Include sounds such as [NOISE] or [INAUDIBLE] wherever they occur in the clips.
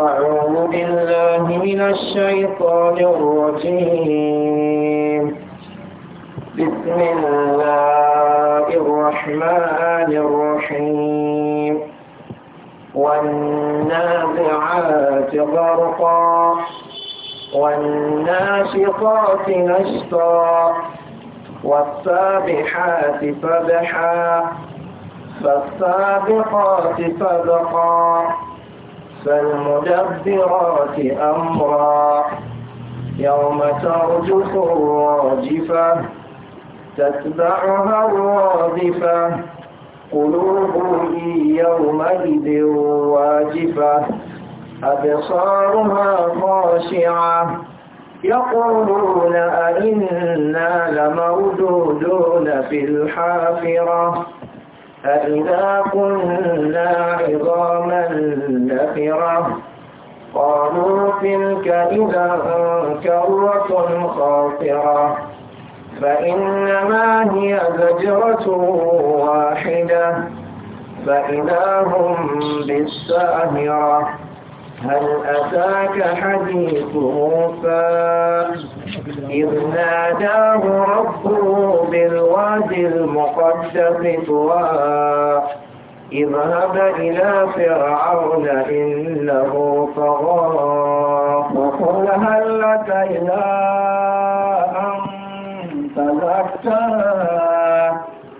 أعوذ بالله من الشيطان الرجيم بسم الله الرحمن الرحيم والنازعات غرقا والناشطات نشطا والسابحات سبحا فالسابقات سبقا فالمدبرات أمرا يوم ترجف الراجفة تتبعها الرادفة قلوب يومئذ واجفة أبصارها خاشعة يقولون أئنا لموجودون في الحافرة أإذا كنا عظاما نخرة قالوا تلك إذا كرة خاطرة فإنما هي زجرة واحدة فإذا هم بالساهرة هل أتاك حديث موسى إذ ناداه ربه بالوادي المقدس طوى اذهب إلى فرعون إنه طغى وقل هل لك إلى أن تذكى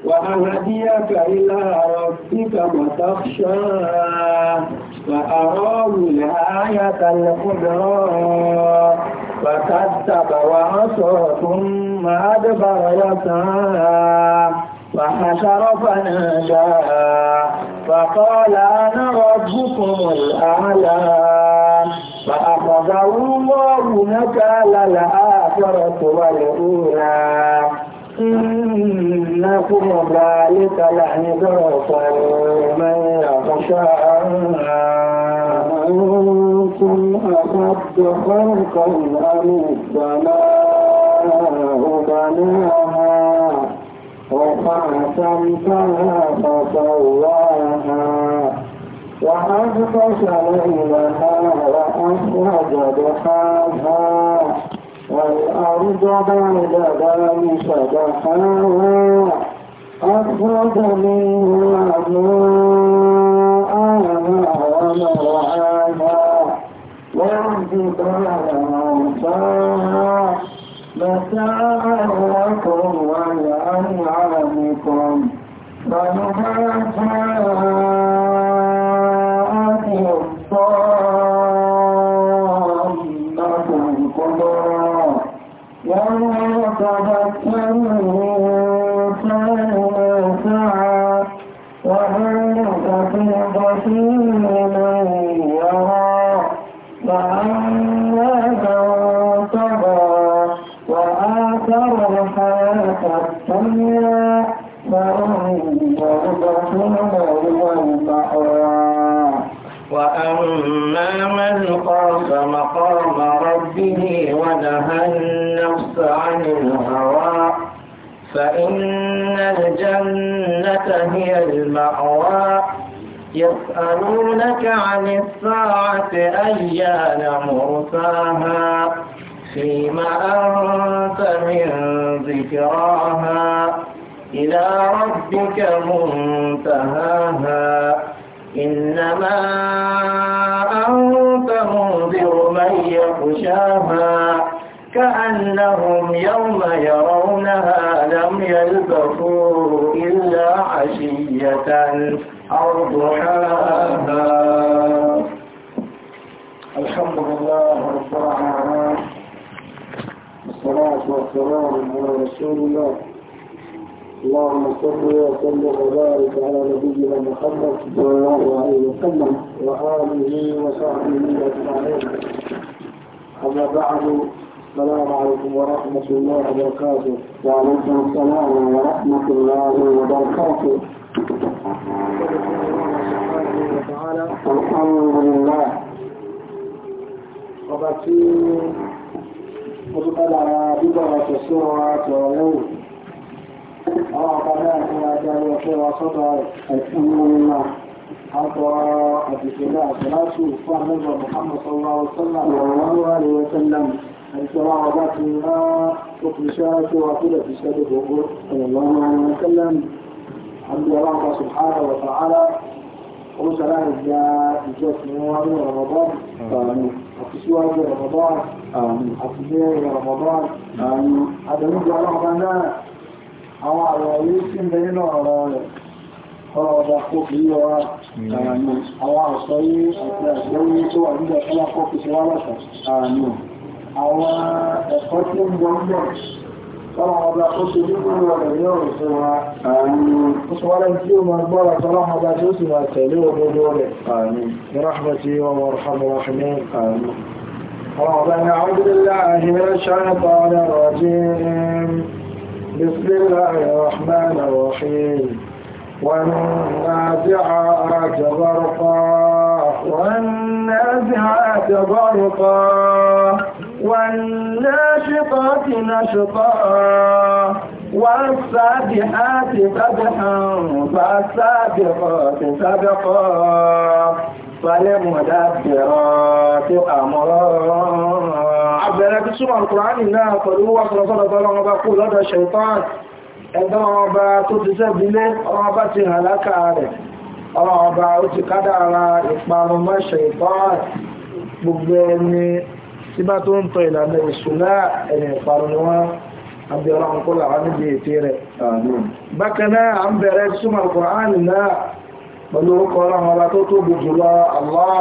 وأهديك إلى ربك وتخشى فأراه الآية الكبرى فكذب وعصى ثم أدبر يسعى فحشر فنجا فقال أنا ربكم الأعلى فأخذه الله نكال الآخرة والأولى إن كل ذلك لعبرة من يخشى أشد خلقا أم السماء بناها رفع سمكها فسواها وأغطش ليلها وأخرج ضحاها والأرض بعد ذلك دحاها أخرج منها ماءها ومرعاها وانجد الأنصار متاعا لكم ولأنعامكم فلما جاءت الضالة الكبرى يوم تذكر الإنسان ما سعى وذلك في بصير وأما من قاس مقام ربه ونهى النفس عن الهوى فإن الجنة هي المأوى يسألونك عن الساعة أيان مرساها فيما أنت من ذكراها إلى ربك منتهاها إنما أنت منذر من يخشاها كأنهم يوم يرونها لم يلبثوا إلا عشية أو ضحاها الحمد لله رب العالمين والصلاة والسلام على رسول الله اللهم صل وسلم وبارك على نبينا محمد صلى الله عليه وسلم وآله وصحبه أجمعين أما بعد السلام عليكم ورحمة الله وبركاته وعليكم السلام ورحمة الله وبركاته الحمد لله وبكي وبكي على بضعة وبكي ويوم وعقبات وأداب وصدر الحمد لله عطاء بسلاء صلاة فهم محمد صلى الله عليه وسلم والله عليه وسلم الكراء ذات الماء وقلشات وقلة سبب وقود صلى الله عليه وسلم عبد الله سبحانه وتعالى وسلام الجاء الجسم وعلى رمضان آمين àti síwájú Ramadan àti lẹ́yìn Ramadan àdàlú ìjọ ọlọ́run náà àwọn àwọ̀wé tí ń nínú ọ̀rọ̀ rẹ̀ ọ̀rọ̀ ọ̀dà kò fi yọ wa hmm. àrànù àwọn àṣọyé àti àṣọyé tó wà nígbà tó lápọ̀ fi wá lọ́sà àrànù àwọn ẹ̀kọ́ tí ń bọ̀ ń bọ̀ tọ́lá ọba tó ṣe nínú rẹ̀ ní ó sọ wálé tí ó máa gbọ́ra tọ́lá ọba tó sì máa tẹ̀lé òdodo rẹ̀ àrànù rahmatí wa ni àwọn بسم الله الرحمن الرحيم والنازعات غرقا والنازعات غرقا والناشطات نشطا والسابحات قدحا فالسابقات سبقا فالمدبرات أمرا bẹ̀rẹ̀ bí súnmọ̀ kùránì náà pẹ̀lú wà sọ̀rọ̀sọ̀rọ̀ tọ́lọ́ ọba kú lọ́dọ̀ ṣẹ̀tán ẹ̀dọ́ ọba tó ti sẹ́bílé ọba ti hàlákà rẹ̀ ọba ó ti kádà ara ìparun mọ́ ṣẹ̀tán gbogbo ẹni tí bá tó ń tọ ìlànà ìṣúná ẹ̀nì ìparun wọn àbí ọlọ́run kó làwọn níbi ètè rẹ̀ bákan náà à ń bẹ̀rẹ̀ Allah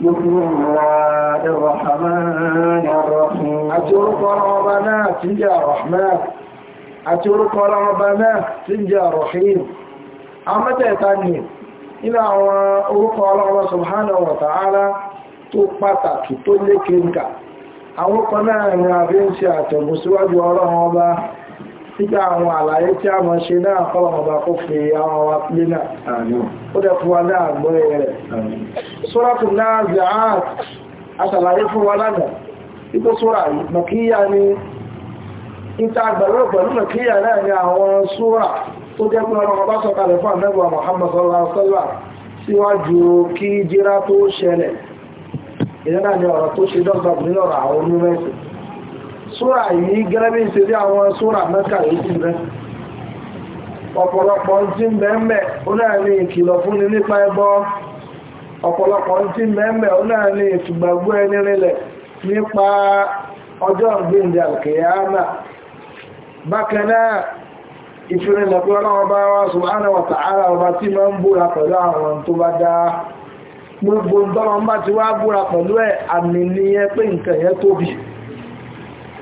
aea a- ụ sua ara tokpatato eke ka wụụswar títí àwọn àlàyé tí a mọ̀ ṣe náà kọ́lọ̀mọ̀bá kó fi àwọn wa lé náà ó dẹ̀ fún wa náà gbọ́ rẹ̀ sóràtù náà zaat aṣàlàyé fún wa lánàá ipò sóra yìí ni ìta àgbàlọ́ pẹ̀lú náà ni àwọn tó jẹ́ pé ọmọ bá sọ súra yìí gẹ́rẹ́ bí ìṣeré àwọn súrà mẹ́ta yìí ti bẹ́ ọ̀pọ̀lọpọ̀ tí ń bẹ́ẹ̀mẹ́ ó náà ní ìkìlọ̀ fúnni nípa ẹbọ ọ̀pọ̀lọpọ̀ tí ń ó náà ní ìtùgbàgbọ́ ẹni nípa ọjọ́ gbogbo ń bá ti wá búra pẹ̀lú ẹ̀ àmì pé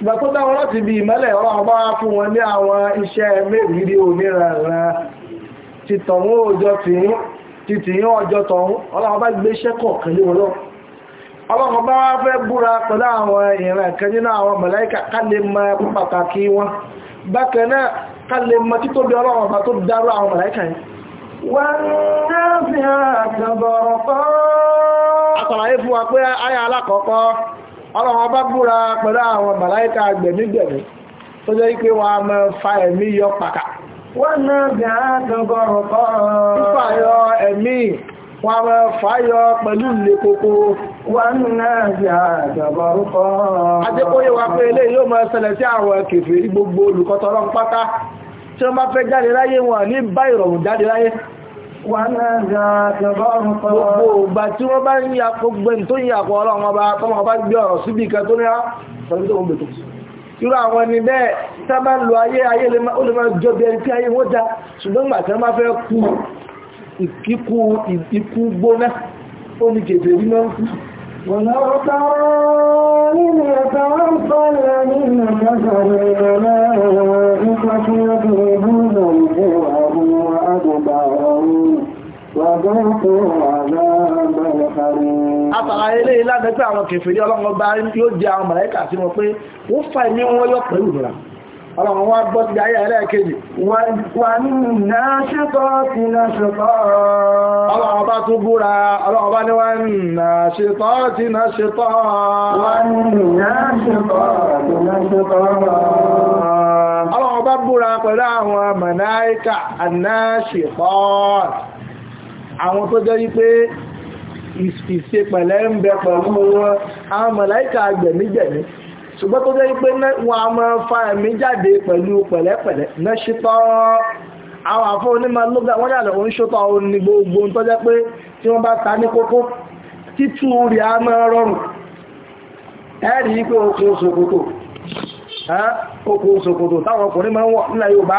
ìgbà tó dá wọn láti bí ìmọ́lẹ̀ ọlọ́run bá wá fún wọn ní àwọn iṣẹ́ mẹ́rìírí oníranran títọ̀hún ọjọ́ tìyín títìyín ọjọ́ tọ̀hún ọlọ́run bá gbé iṣẹ́ kọ̀ọ̀kan lé wọn lọ ọlọ́run bá wá fẹ́ búra pẹ̀lú àwọn ìran kan nínú àwọn màláíkà ká lè mọ pàtàkì wọn bákan náà ká lè mọ títóbi ọlọ́run tó dárú àwọn màláíkà yìí wọ́n ń ọlọ́wọ́n bá búra pẹ̀lú àwọn màláìka gbẹ̀mígbẹ̀mí tó jẹ́ pé wọ́n á máa fa ẹ̀mí yọ pàkà. wọ́n ná gàá gbọ́rọ̀ kọ́ fífà yọ ẹ̀mí wọ́n á máa fà yọ pẹ̀lú ilé koko. wọ́n ná gàá gbọ́rọ̀ kọ́. adékòye wa pé eléyìí yóò máa ṣẹlẹ̀ sí àwọn kèfèrí gbogbo olùkọ́tọ́ ọlọ́run tí wọ́n bá fẹ́ jáde láyé wọn ní bá ìrọ̀rùn jáde láyé gbogbo ògbà tí wọ́n bá ń ya gbogbo tó ń yàpọ̀ ọlọ́run ọba tọ́mọ̀ bá gbé ọ̀rọ̀ síbi ìkẹ́ tó ní á pẹ̀lú tó ń bètò irú àwọn ẹni bẹ́ẹ̀ sábà lo ayé ayé ó lè máa jọ bí ẹni tí ayé wọ́n da ṣùgbọ́n ìgbà tí wọ́n bá fẹ́ kú ìkíkú ìkú gbóná ó ní kèfè rí náà kú ولو ترى إذ يتوفى الذين كفروا الملائكة يضربون وجوههم وأدبارهم Àtàrà ilé ìlànà pé àwọn kèfèrí ọlọ́run bá yóò jẹ àwọn màláíkà sí wọn pé wọ́n fà ní wọ́n yọ pẹ̀lú ìrìnà. Ọlọ́run wá gbọ́ ti ayé ẹlẹ́ẹ̀kejì. Wà ní náà ti náà ṣẹ́tọ́. Ọlọ́run bá tún búra, ọlọ́run bá ní wà ní náà àwọn tó jẹ́ wípé ìṣe pẹ̀lẹ́ ń bẹ pẹ̀lú wọn àwọn mọ̀láìkà gbẹ̀mígbẹ̀mí ṣùgbọ́n tó jẹ́ wípé wọn a máa fa ẹ̀mí jáde pẹ̀lú pẹ̀lẹ́pẹ̀lẹ́ náà ṣetọ́ àwọn àfọ́ onímọ̀ lóga wọ́n yàrá òun ṣetọ́ òun ní gbogbo tó jẹ́ pé tí wọ́n bá ta ní kókó títú rí a máa rọrùn ẹ̀rí táwọn ọkùnrin máa ń wọ̀ nílẹ̀ Yorùbá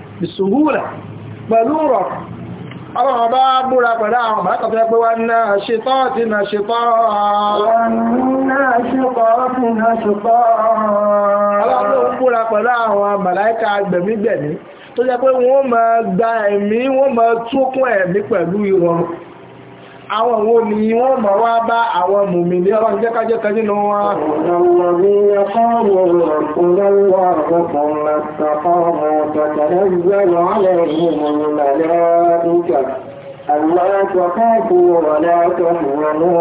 bìsùhúrà pẹ̀lú rọ̀ ọmọ ọba búra pẹ̀lú àwọn ọmọ látọ̀fẹ́ pé wọ́n náà ṣe tọ́ ti náà ṣe tọ́ ọlọ́run búra pẹ̀lú àwọn màláíkà gbẹ̀mígbẹ̀mí tó jẹ́ pé wọ́n máa gba ẹ̀mí wọ́n máa túnkún ẹ̀mí pẹ̀lú àwọn wo ni wọ́n mọ̀ wá bá àwọn mùmí ní ọlọ́run jẹ́ ká jẹ́ kan nínú wọn. Allah takafu wa la tahzanu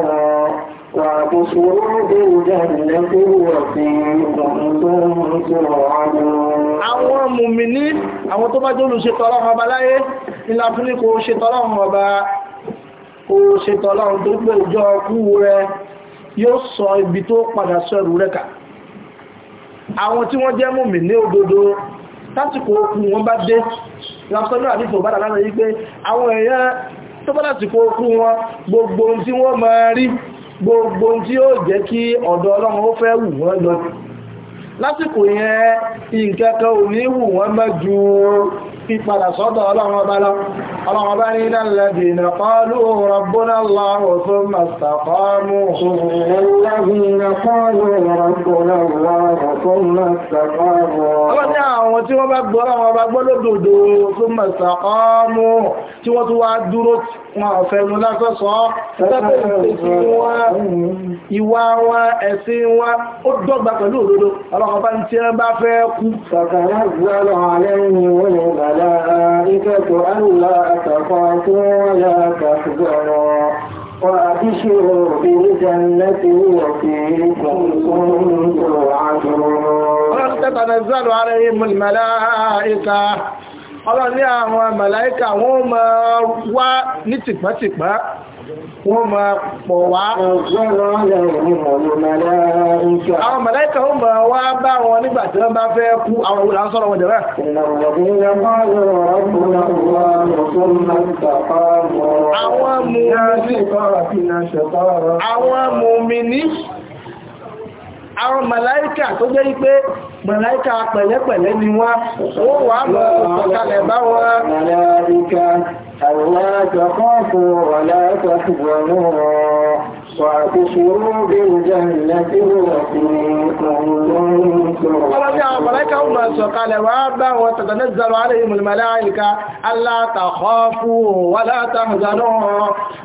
وَأَبْشِرُوا بِالْجَنَّةِ الَّتِي كُنتُمْ تُوعَدُونَ Àwọn mùmínì, àwọn tó bá jẹ́ olùṣètò ọlọ́run ọba láyé, ìlàfúnni kò ṣètò ọlọ́run ọba ó ṣetọ́ ọlọ́run tó pé òjò ọkú rẹ yóò sọ ibi tó padà sọ̀rù rẹ kà àwọn tí wọ́n jẹ́ mùmí ní òdodo tásìkò okú wọn bá dé lásán náà nípa òbádà lánàá yí pé àwọn èèyàn tó bá tásìkò okú wọn gbogbo tí wọ́n máa rí gbogbo tí ó jẹ́ kí ọ̀dọ̀ ọlọ́run ó fẹ́ wù wọ́n lọ lásìkò yẹn nǹkan kan ò ní wù wọ́n mọ́ ju fi padà sọ́dọ̀ ọlọ́run ọba lọ ọlọ́run ọba ní iná lẹ́bí iná pọ́lú rabbuna Allahu thumma istaqamu ọlọ́ni àwọn tí wọ́n bá gbọ́ ọlọ́run ọba gbọ́ lódòdó thumma istaqamu tí wọ́n tún wá dúró wọn ọ̀fẹ́nu lásọ́sọ́ ìwà wọn ẹ̀sìn wọn ó dọ́gba pẹ̀lú òdodo ọlọ́run ọba tí wọ́n bá fẹ́ kú الملائكة ألا تخافوا ولا تحزنوا وأبشروا بالجنة التي كنتم توعدون تتنزل عليهم الملائكة ọlọ́run ní àwọn màláíkà wọ́n máa wá ní tìpátìpá wọ́n máa pọ̀ wá. Àwọn màláíkà ó máa wá bá wọn nígbà wọ́n bá fẹ́ kú àwọn òwúlà ń sọ̀rọ̀ wọn Àwọn mùmí àwọn màláíkà tó jẹ́ wípé màláíkà pẹ̀lẹ́pẹ̀lẹ́ ni wọ́n ó wà mọ́ ọ̀kalẹ̀ bá wọn. màláíkà aláàjọ kan fún ọ̀láìkà ṣùgbọ́n وَأَبْشِرُوا بِالْجَنَّةِ الَّتِي كُنتُمْ وَرَجَعَ مَلَائِكَةُ مَا سَقَلَ وَأَبَى وَتَتَنَزَّلُ عَلَيْهِمُ الْمَلَائِكَةُ أَلَّا تَخَافُوا وَلَا تَحْزَنُوا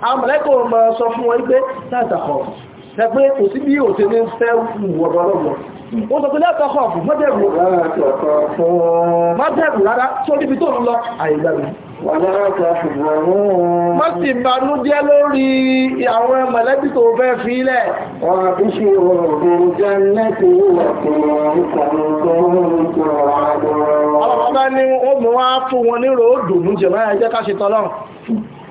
أَمْ لَكُمْ مَا صَفُوا إِذْ لَا تَخَافُوا ṣẹgbẹ́ kò sí bí òṣè ní fẹ́ wọ̀rọ̀lọ́wọ̀ ó sọ pé lẹ́ẹ̀kọ́kọ́ ọ̀fún mọ́dẹ̀rù mọ́dẹ̀rù rárá tó níbi tó ń lọ àìgbàmì wọ́n sì banú jẹ́ lórí àwọn mọ̀lẹ́bí tó fẹ́ fílẹ̀ ọ̀rọ̀ bá ní ó mú wá fún wọn ní ròódùn jẹ̀máyà jẹ́ ká ṣe tọ́lọ́run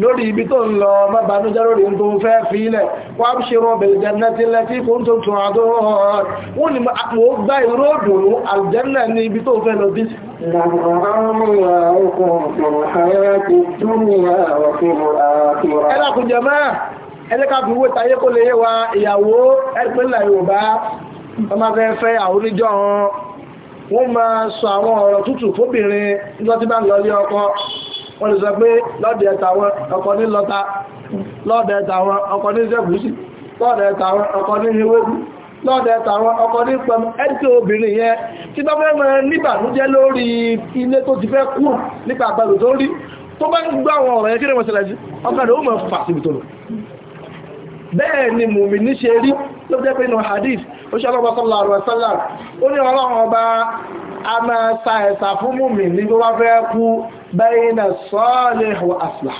lórí ibi tó ń lọ má banújẹ́ lórí tó ń fẹ́ fi ilẹ̀ wọ́n ṣe rọ bẹ̀rẹ̀ jẹ́nẹ́tí lẹ́tí kò ń tuntun àdó wọ́n ni mo gbá ìró òdòrò àlùjẹ́nà ní ibi tó fẹ́ lọ bí ẹlẹ́kùnjẹ́ máa ẹlẹ́ka fi wó tayé kó lè yé wa ìyàwó ẹgbẹ́lẹ̀ Yorùbá wọ́n máa fẹ́ sọ àwọn ọ̀rọ̀ tútù fóbìnrin nígbà tí bá lọ ilé ọkọ wọ́n lè sọ pé lọ́dẹ̀ ẹ̀ta wọn ọkọ̀ ní lọ́ta lọ́dẹ̀ ẹ̀ta wọn ọkọ̀ ní sẹ́kùsì lọ́dẹ̀ ẹ̀ta wọn ọkọ̀ ní ewédú lọ́dẹ̀ ẹ̀ta wọn ọkọ̀ ní pẹ̀m ẹ̀tí obìnrin yẹn tí bá fẹ́ mọ ni wọ́n ṣẹlẹ̀ sí ọkọ̀ rẹ̀ ó mọ̀ fà síbi tó lọ bẹ́ẹ̀ ni mùmìnì ṣe rí ló jẹ́ pé nù hadith ó ṣe ọlọ́pàá sọ́lá àrùn ẹ̀sálà ó ní ọlọ́run ọba a máa sa ẹ̀sà fún mùmí ní tó bá fẹ́ kú bayna salih wa aslah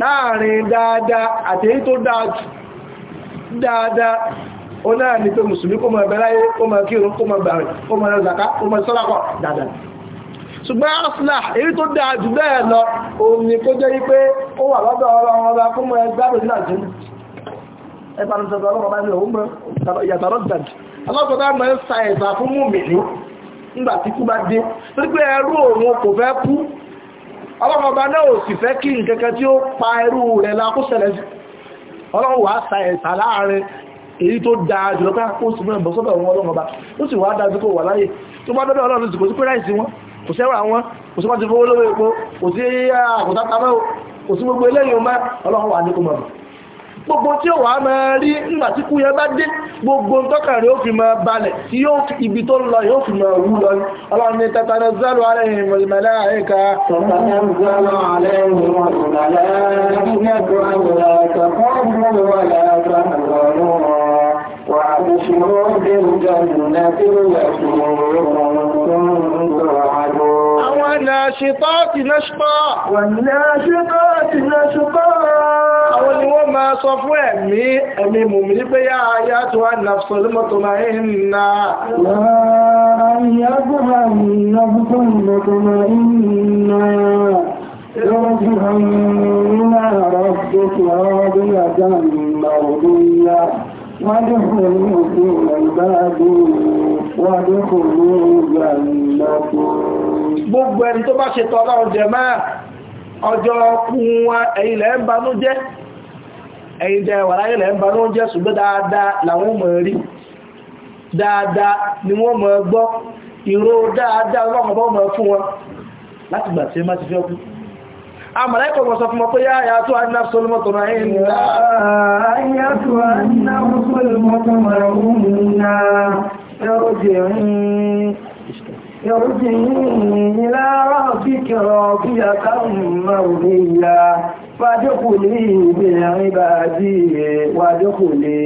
láàrin dáadáa àti èyí tó dáadáa ó náà ní pé mùsùlùmí kó mọ̀ ẹ̀bẹ̀ láyé kó mọ̀ kírun kó mọ̀ bàrẹ̀ kó mọ̀ zaka kó mọ̀ sọ́lákọ̀ dáadáa ṣùgbọ́n aslah èyí tó dáa jù bẹ́ẹ̀ lọ òun kó jẹ́ wípé ó wà lọ́dọ̀ ọlọ́run ọba kó mọ̀ ẹgbẹ́ ìyàtọ̀rọ̀ dàdì alákọ̀ọ́dá mọ̀ ń sa ẹ̀sà fún mùmìnì nígbà tí kú bá dé torí pé ẹrú òun kò fẹ́ kú ọlọ́mọba náà ò sì fẹ́ kí nkẹ́kẹ́ tí ó pa ẹrú rẹ̀ lákúsẹ̀lẹ̀ ọlọ́run wà sa ẹ̀sà láàrin èyí tó dáa jùlọ pé kó sì mẹ́rin bọ̀ sọ́dọ̀ wọn ọlọ́mọba ó sì wá dájú kó wà láyé tó bá dọ́dọ̀ ọlọ́run kò sí pé ráìsì wọn kò sí ẹwà gbogbo tí ó wà máa rí nígbà tí kú yẹn bá dé gbogbo tọ́kà rẹ̀ ó fi máa balẹ̀ tí yóò fi ibi tó lọ yóò fi máa wú lọ ọlọ́run ní tẹ́tẹ́rẹ́ zẹ́rù alẹ́ ìmọ̀lẹ́mọ̀lẹ́ àyíká tẹ́tẹ́rẹ́ zẹ́rù alẹ́ وأبشروا بالجنة التي كنتم توعدون والناشطات نشطا والناشطات نشطا àwọn ni wọ́n máa sọ fún ẹ̀mí ẹ̀mí mùmìnì pé yá ayá tó wà náà sọ lọ́mọ máa ń na ayá tó wà náà sọ lọ́mọ tó máa ń na يرجعن إلى ربك راضية مرضية وادخلوا في عبادي gbogbo ẹni tó bá ṣe tọ́lá ọjọ́ máa ọjọ́ kún wọn ẹ̀yin lẹ́ ń banú jẹ́ ẹ̀yin jẹ́ wà láyé lẹ́ ń banú jẹ́ dáadáa làwọn mọ̀ rí dáadáa ni wọ́n mọ̀ gbọ́ ìró dáadáa mọ̀ fún wọn àmàlẹ́kọ̀ọ́ mọ̀ sọ fún ọkọ̀ yá yà tó àdínà sọlọ́mọ̀tọ̀nà ìrìnà ayá tó àdínà sọlọ́mọ̀tọ̀nà ìrìnà يرجعين إلى ربك راضية مرضية فادخلي بعبادي وادخلي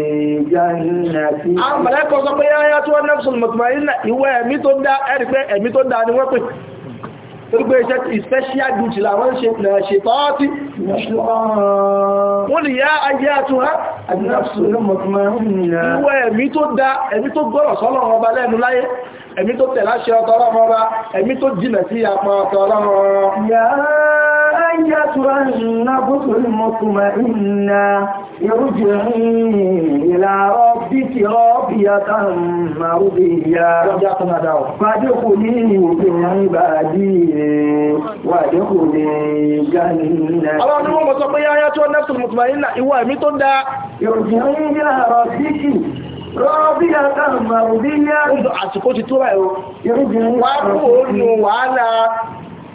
جنتي. àwọn mọ̀lẹ́kọ̀ọ́ sọ pé yáyá tó wọ́n náà sọ̀rọ̀ mọ̀tòmáyé náà ẹ̀mí tó dá ẹ̀rí pé ẹ̀mí tó dá ni wọ́n pè torípé iṣẹ́ ti special duty làwọn ṣe ṣe tọ́ọ́tí wọ́n lè yá ayé àtúnwá ìwọ ẹ̀mí tó dá ẹ̀mí tó gbọ́rọ̀ sọ́lọ̀ ọba lẹ́nu láyé ẹ̀mí tó tẹ̀láṣẹ́ ọ̀tọ̀ ọlọ́run ẹ̀mí tó jìnà sí apá ọ̀tọ̀ ọlọ́run أيتها النفس المطمئنة ارجعي إلى ربك راضية مرضية فادخلي في عبادي وادخلي جنة الله نعم وصفي أيتها النفس المطمئنة إيوه ميتون دا ارجعي إلى ربك Rọ́bíyà kan màrùn bí ní àrùn àsìkò ti tó rẹ̀ o. Wá kúrò nù wàhálà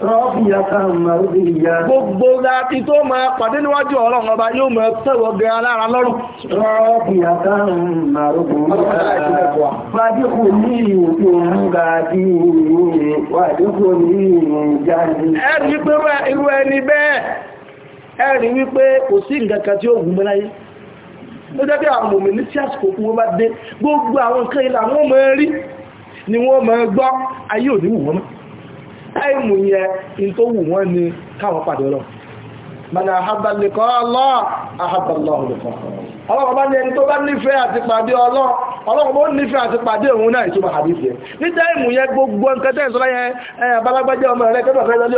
Gbogbo láti tó máa pàdé níwájú ọlọ́run ọba yóò mọ̀ tẹ́wọ̀ gẹ alára lọ́rùn. Rọ́ọ̀bì àtàrùn màrùn-ún. Fàdíkù ní ìwòkè òun ga bí ìwòye, wàdíkù ní ìwòye jáde. Ẹ̀rí pé irú ẹni bẹ́ẹ̀, ẹ̀rí wípé kò sí nǹkan tí ó gùn jẹ́ bí àwọn òmìnir tí àsìkò fún wọn bá dé gbogbo àwọn nǹkan ilẹ̀ àwọn ọmọ rí ni wọ́n máa gbọ́ ayé òní wọ́n mọ́ táìmù yẹn in tó wù wọ́n ni káwọn pàdé lọ mana ahabalẹ̀kọ́ Allah ahabalẹ̀ ọ̀lẹ̀kọ́ ọlọ́run bá ní ẹni tó bá nífẹ̀ẹ́ àti pàdé ọlọ́run ọlọ́run bó nífẹ̀ẹ́ àti pàdé òun náà ìtumọ̀ àdìsí ẹ̀ ní táìmù gbogbo nǹkan tẹ́ ìsọ́lá yẹn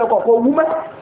ẹ̀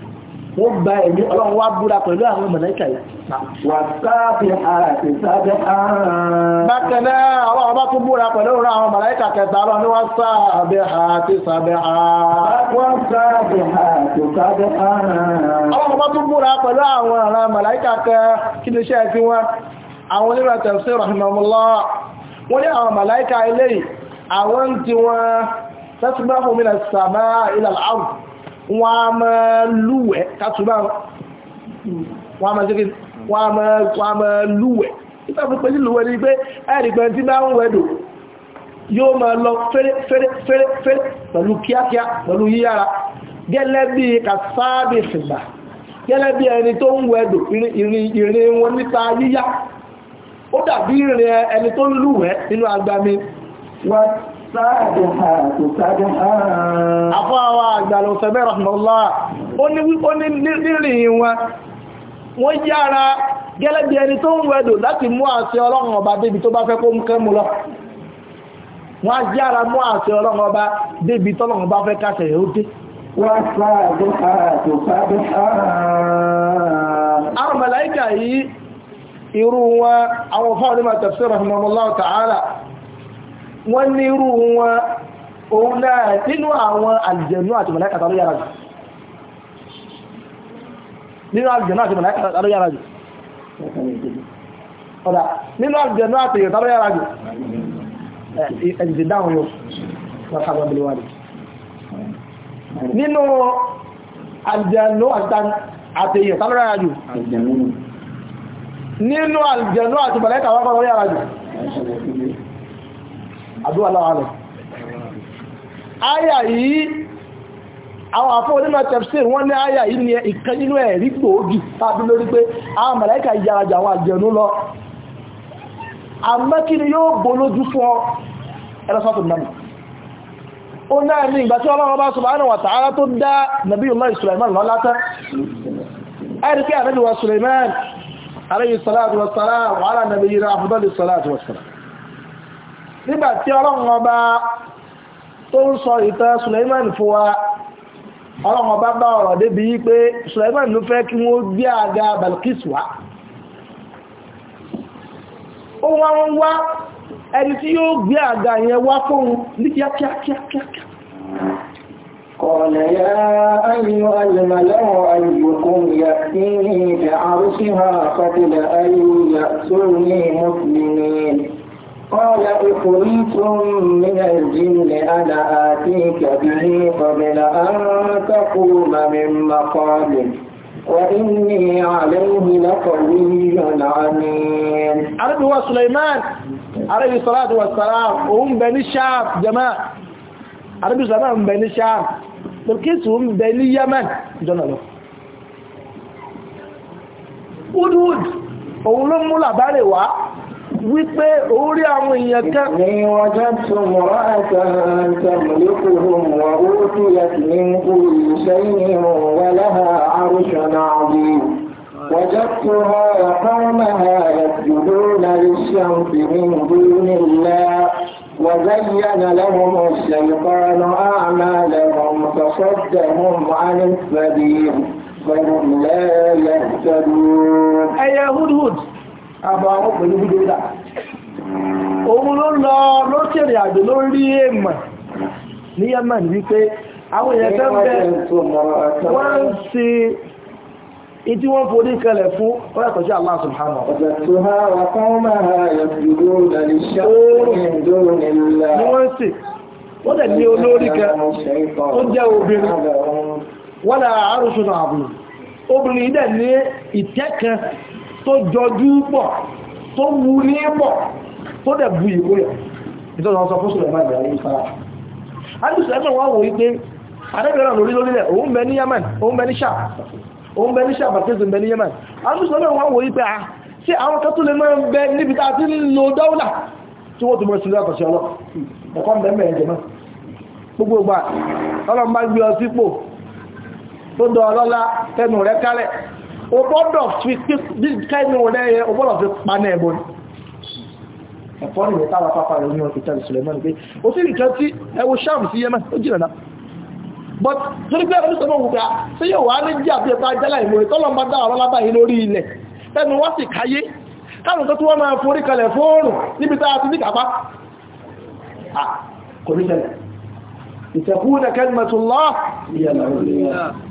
wọ́n gba ẹ̀mí ọlọ́run wá búra pẹ̀lú àwọn mọ̀lẹ́kà yìí. wà sáàbì àti sáàbì àrùn. bákanáà àwọn ọba tún búra pẹ̀lú àwọn mọ̀lẹ́kà kẹta lọ ní wọ́n sáàbì àti sáàbì àrùn. wọ́n sáàbì àti sáàbì àrùn. àwọn ọba tún búra pẹ̀lú àwọn ọ̀ràn mọ̀lẹ́kà wọ́n a máa lúwẹ̀ kátùbá wọ́n a máa jẹ́ kí wọ́n a máa lúwẹ̀ nípa fún pẹ̀lú lúwẹ̀ ní pé ẹ̀rìgbẹ̀ tí bá ń wẹ̀dò yóò máa lọ fẹ́rẹ́fẹ́rẹ́ pẹ̀lú kíákíá pẹ̀lú yíyára gẹ́lẹ́ bí kàsáàbì fìgbà gẹ́lẹ́ bí ẹni tó ń wẹ̀dò ìrìn wọn nípa yíyá ó dàbí ìrìn ẹni tó ń nínú agbami sáàdìhàtò sáàdìhàtò afọ́ àwọn àgbàlọ̀ sẹ́bẹ̀ rọ̀mọ́lá ó ní rírìn wọn wọ́n yára gẹ́lẹ́ bí ẹni tó ń wẹ́dò láti mú àṣẹ ọlọ́run ọba débi tó bá fẹ́ kó mú lọ wọ́n yára mú àṣẹ ọlọ́run ọba débi tọ́lọ́run bá fẹ́ káṣẹ̀ yóò wọ́n wọ́n ní irú wọn òun náà nínú àwọn àlùjẹ̀nú àti mọ̀láìkà tó yára jù nínú àlùjẹ̀nú àti mọ̀láìkà tó yára jù ọ̀dà nínú àlùjẹ̀nú àti èyàn tó yára jù ẹ̀jẹ̀ dáhùn yóò wọ́n sábà bẹ̀rẹ̀ wà nínú àlùjẹ̀nú àti èyàn tó nínú àlùjẹ̀nú àti mọ̀láìkà tó yára jù àdúrà láwàlẹ̀ àyà yìí àwọn àfọ́ onímọ̀ tafsir wọ́n ní àyà yìí ni ìkan nínú ẹ̀rí gbòógì tàbí lórí pé àwọn màláíkà yàràjà àwọn àjẹ̀nú lọ àmọ́ kí ni yóò bolójú fún ọ ẹlọ́sọ́tò náà ó náà ní ìgbà tí ọlọ́run bá subhanahu wa ta'ala tó dá Nabiyullahi Sulaiman nígbàtí ọlọ́run ọba tó ń sọ ìtàn Suleiman fún wa ọlọ́run ọba bá ọ̀rọ̀ débi wípé Suleiman ló fẹ́ kí wọ́n gbé àga Balkis wá ó wá ń wá ẹni tí yóò gbé àga yẹn wá fóun ní kíákíákíákíá قال يا أيها الملأ أيكم يأتيني بعرشها قبل أن قال إخريت من الجن أنا آتيك به قبل أن تقوم من مقامك وإني عليه لقوي عميد عربي وسليمان عليه الصلاة والسلام وهم بني الشعب جماعة عربي سليمان بني الشعب بالكيس هم بني اليمن جنة له ودود òun ló mú wípé orí àwọn èèyàn kan. ní ọjọ́ tó mọ̀ àtàntàmùlẹ́kùnrin wà ó tún yàtì ní kú ìṣẹ́yìn wà láha àrùṣọ̀nà àbí وجدتها قومها يسجدون للشمس من دون الله وزين لهم الشيطان أعمالهم فصدهم عن السبيل فهم لا يهتدون أي هدهد àbọ̀ àwọn pẹ̀lú búdódà òun ló lọ lókèrè àjò lórí èèmọ̀ ní Yemen wípé àwọn èèyàn tẹ́ bẹ́ wọ́n ń ṣe ìtí wọ́n forí kẹlẹ̀ fún ọ́yàtọ̀ sí Allah subhanahu wa ta'ala wa qawmaha yasjuduna lish-shamsi min dunillah ni wọ́n sì wọ́n dẹ̀ ní olórí kẹ ó jẹ́ obìnrin wala 'arshun 'azim obìnrin dẹ̀ ní ìtẹ́kẹ́ tó jọjú pọ̀ tó wú ní pọ̀ tó dẹ̀ bu ìwé rẹ̀ nítorí wọn sọ fún sùlẹ̀mà ìbẹ̀rẹ̀ yìí sára alì sùlẹ̀mà wọn wò wípé adébẹ̀rẹ̀ lórí lórílẹ̀ òun bẹ ní Yemen òun bẹ ní sà òun bẹ ní sà bàtẹ́sì bẹ ní Yemen alì sùlẹ̀mà wọn wò wípé a ah, ṣe àwọn kan tó lè máa ń bẹ níbi tá a ti ń lo dọ́wùlà tí wọ́n tó mọ̀ sílẹ̀ àkọsí ọlọ́ ẹ̀kọ́ bẹ́ẹ̀ mẹ́rin tó dọ̀ ọlọ́lá tẹnu rẹ̀ kálẹ̀ o gbọ́dọ̀ fi kẹ́nu rẹ̀ o gbọ́dọ̀ fi paná ẹbọ ni ẹ̀fọ́ nìyẹn táwa pápá rẹ̀ ní ọ̀pẹ̀tẹ̀ Suleiman pé o sì nìkan tí ẹwọ sáàmù sí Yemen ó jìnà náà but torí pé ọdún sọmọ wùgbà tí yóò wá ní jíà bí ẹ̀fọ́ ajálà ìmòrè tọ́lọ́ bá dá ọ̀rọ̀ lábáyé lórí ilẹ̀ tẹnu wá sì káyé káàrùn tó tún wọ́n máa forí kalẹ̀ fóòrùn níbi tá a ti ní kápá kò ní ṣẹlẹ̀ ìtẹ̀kùn kẹ́lìmẹ̀tùlá ìyẹ̀lẹ̀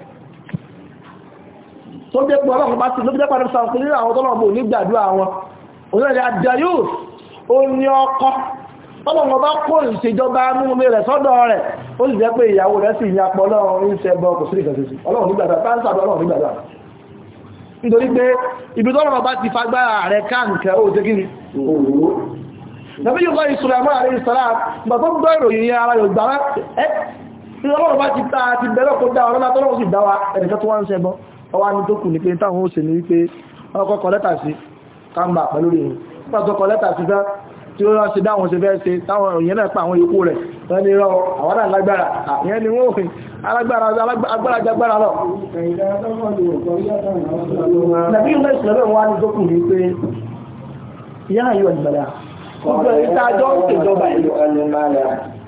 tó jẹ́ pé ọlọ́run bá ti ló jẹ́ pàdé sàrùn pẹ̀lú àwọn tọ́lọ̀ bò ní gbàdúrà wọn onílẹ̀ àdáyò ó ní ọkọ ọlọ́run bá kó ìṣèjọba múmi rẹ̀ sọ́dọ̀ rẹ̀ ó sì jẹ́ pé ìyàwó rẹ̀ sì yàn pọ̀ lọ́run ń ṣe bọ kò sí ìfẹ̀sẹ̀sì ọlọ́run nígbàdúrà bá ń sàdọ̀ ọlọ́run nígbàdúrà nítorí pé ibi tọ́lọ́run bá ti fagbára rẹ̀ káǹkẹ́ ó jẹ́ kí ni òwúrò nàbí yóò bá ìṣòro àmọ́ àrẹ ìṣòro ta ti bẹ̀rẹ̀ kó dá ọ̀rọ̀ látọ́lọ́run sì dá wa tó wá ń ṣẹbọ ọwá ní tó kù ní pé táwọn òsè ní wípé ọkọ̀ kọ lẹ́tà sí kàmbà pẹ̀lú rẹ̀ pàtó kọ lẹ́tà sí tán tí ó ránṣẹ́ dáwọn ṣe fẹ́ ṣe táwọn èèyàn náà pa àwọn ikú rẹ̀ wọ́n ni rọ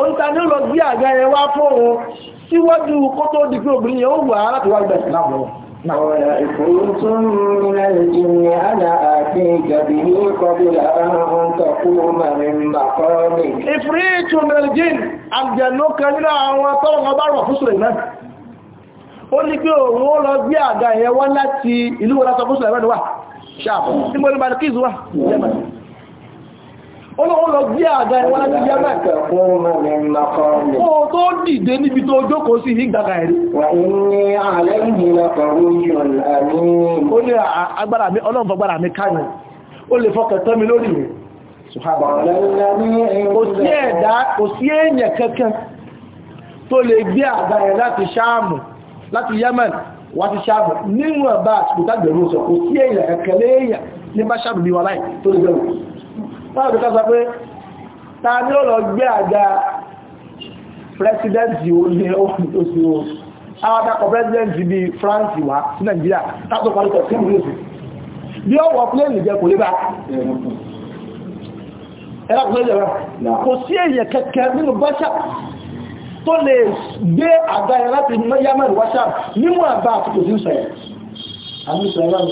oníta ní ó lọ gbé àga ẹ wá fún òun síwájú kó tó di pé obìnrin yẹn ó wà láti wá gbà láàbọ̀ قال إفرط من الجن أنا آتيك به قبل أن تقوم من مقامك إفرط من الجن àlùjànnú kan nínú àwọn tọ́lọ̀wọ́ bá rọ̀ fún Sùlẹ̀mán ó ní pé òun ó lọ gbé Ọlọ́run lọ gbé àga ìwọ́n lábẹ́ yá mẹ́ta. Ó tó dìde níbi tó jókòó sí ìgbàgbà ẹ̀rí. Ó ní agbára mi, Ọlọ́run fọgbára mi káyọ̀. Ó lè fọkàn tán mi lórí mi. Kò sí ẹ̀dá, kò sí èèyàn kankan tó lè gbé àga ẹ̀ láti Ṣáàmù, láti Yemen, wá ti Ṣáàmù. Níwọ̀n bá àtìkò tágbẹ̀rún sọ, kò sí èèyàn kankan léèyàn ní bá Ṣáàmù bí wà láì tó lè bẹ̀rù táwọn ìpínlẹ̀ sọ pé ta ní ó lọ gbé àga president yìí ní ọ̀hún tó sí o àwọn president bí France wá sí Nàìjíríà tàbí ọ̀pọ̀lọpọ̀ sí ìlú òsì bí ó wọ plane jẹ kò lè bá ẹlọ́pùlẹ̀ jẹ kò sí èyẹ kẹkẹ nínú bọ́ṣà tó lè gbé àga ẹ̀ láti yamani wáṣà nímú àbá àtúkò sí ń sọ̀rọ̀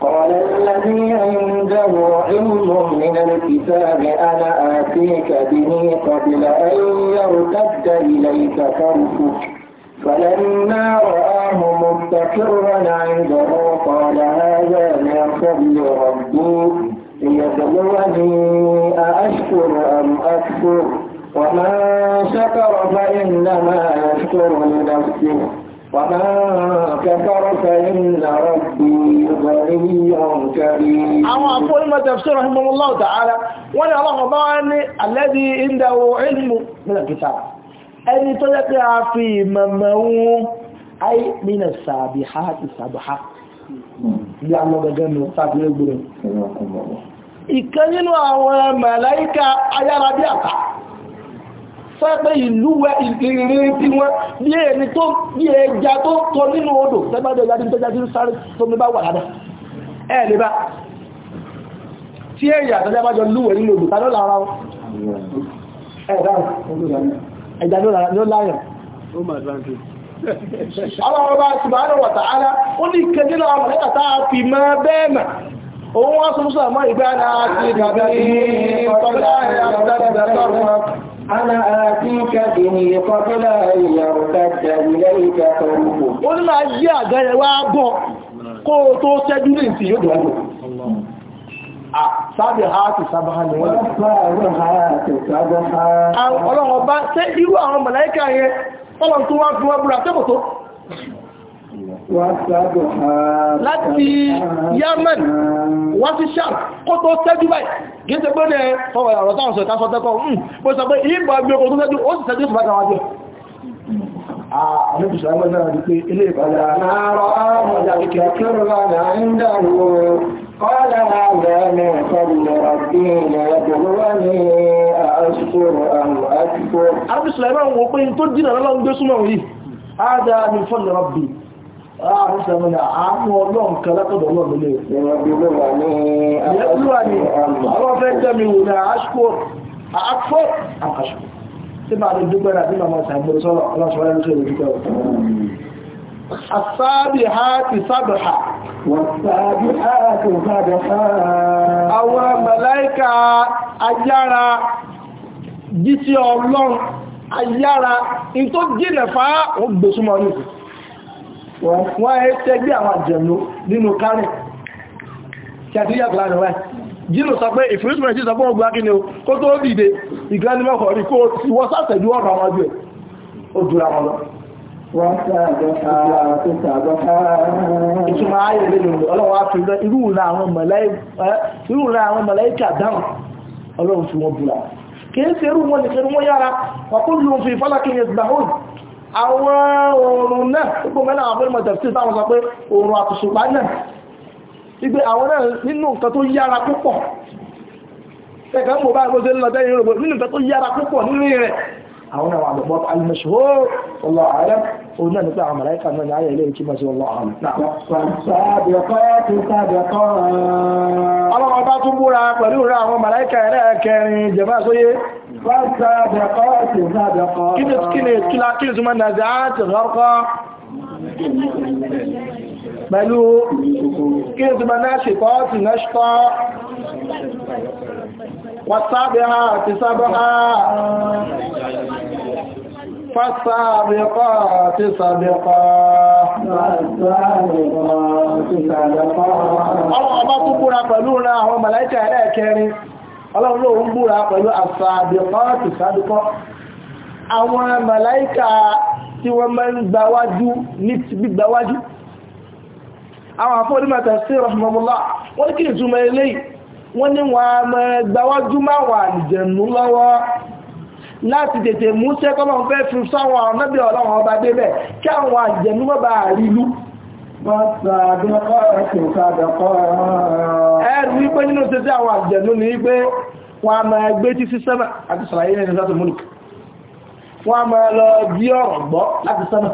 قال الذي عنده علم من الكتاب أنا آتيك به قبل أن يرتد إليك طرفك فلما رآه مستقرا عنده قال هذا من فضل ربي ليبلوني أأشكر أم أكفر ومن شكر فإنما يشكر لنفسه وما كفر إن ربي غني كريم أو أقول ما رحمه الله تعالى ولا الله الذي عنده علم من الكتاب أن تلقى في ممو أي من السابحات السابحات يعني هذا يقولون fẹ́pẹ́ ìlú wẹ ìrìnrìn tí wọ́n bí ẹni tó bí ẹja tó tọ nínú odò tẹ́gbàjọ ìyá tó jájú sáré tó mi bá wà ládá ẹ̀ lè bá tí èyà tẹ́gbàjọ lúwẹ̀ nínú odò tánú lára wọn ẹ̀dá ló láyàn ọlọ́run bá subhanahu wa ta'ala ó ní ìkẹjẹ́ lọ́wọ́ mọ̀lẹ́kà táà fi mọ́ bẹ́ẹ̀ mà òun wọ́n sọ mọ́ ìgbà náà ti dàbí ọ̀pọ̀lá ìyá أنا آتيك به قبل أن يرتد إليك طرفك ó ní máa yí àga ẹ̀ wá bọ̀ kó tó láti Yemen wá sí Sham kó tó tẹ́jú báyìí kìí ṣe pé ní ọwọ̀ ọ̀rọ̀ táwọn sọ ìtàṣọ tẹ́kọ̀ ń hmm, bó sọ pé ìgbà gbé okùn tó tẹ́jú ó sì tẹ́jú ìfàkà wájú àwọn ìṣẹ́ àwọn náà rí pé ilé ìbájá àárọ̀ àwọn ọjà ìkẹ́kẹ́rọ̀ lánàá ń dàrú قال هذا من فضل ربي ليبلوني أأشكر Àwọn ìṣẹ̀mọ̀nà àánú ọlọ́run kan látọ̀dọ̀ ọlọ́run lè fún ọdúnlọ́wà ní ẹgbẹ̀rún ní àwọn fẹ́ jẹ́mi wò ní àṣkò àkọ́ àkàṣù. Tí máa lè dúpẹ́ ayára in tó jìnà fáá ó gbèsúmọ̀ nìkan wọ́n ẹ́ tẹ́gbé àwọn àjẹ̀nú nínú kárìn tí a ti rí àgbà rẹ̀ jílù sọ pé ìfúrísìmọ̀ sí sọpọ̀ ọgbà kí ni ó kó tó dìde ìgbẹ́nimọ́kọ̀ rí kó ti wọ́n sàtẹ̀jú ọ̀rọ̀ àwọn ọjọ́ ó dúra wọn lọ wọ́n ìtumọ̀ ayé lẹ́nu ọlọ́wọ́ àfihàn irúra àwọn mọ̀lẹ́kà dáhùn ọlọ́run fi wọ́n búra kìí ṣe irú wọn nìkan wọ́n yára wọ́n kó lóun fi fọ́lákì yẹn gbà àwọn oòrùn náà púpọ̀ mẹ́lá àwọn fẹ́lẹ̀ mọ̀tẹ̀fẹ́ táwọn sọ pé oòrùn àtùsùpá náà wípé àwọn náà nínú nǹkan tó yára púpọ̀ ẹ̀kà ń bò bá ẹgbẹ́ lọ tẹ́yìn rògbò nínú nǹkan tó yára púpọ̀ nínú rẹ̀ àwọn náà wà lọ́pọ̀ فالسابقات سبقا كده كده كلا كلا زمان نازعات غرقا بلو كده زمان ناشطات نشطا والسابعات سبقا فالسابقات سبقا فالسابقات سبقا الله ما تقول قالونا هم ملائكة لا كريم يعني. ọlọ́run ló ń búra pẹ̀lú àsàbìkọ́ ti sàbìkọ́ àwọn màláíkà tí wọ́n mẹ́ ń gbáwájú ní gbígbáwájú àwọn afọ́dímọ̀tà sí rọ̀mọ̀mọ́lá wọ́n kí ìtumọ̀ ilé wọ́n ní wọ́n mẹ́ gbáwájú máa wà nìjẹ̀nú lọ́wọ́ láti tètè mú sẹ́kọ́mọ̀ fẹ́ fi sáwọn ọ̀nàbí ọlọ́run ọba débẹ̀ kí wípé nínú tẹ́tẹ́ àwọn àjẹ̀nú ni wípé wọ́n a máa gbé tí sí sẹ́mà àti sàlàyé ní ẹ̀sán tó wọ́n a máa lọ bí ọ̀rọ̀ gbọ́ láti sẹ́mà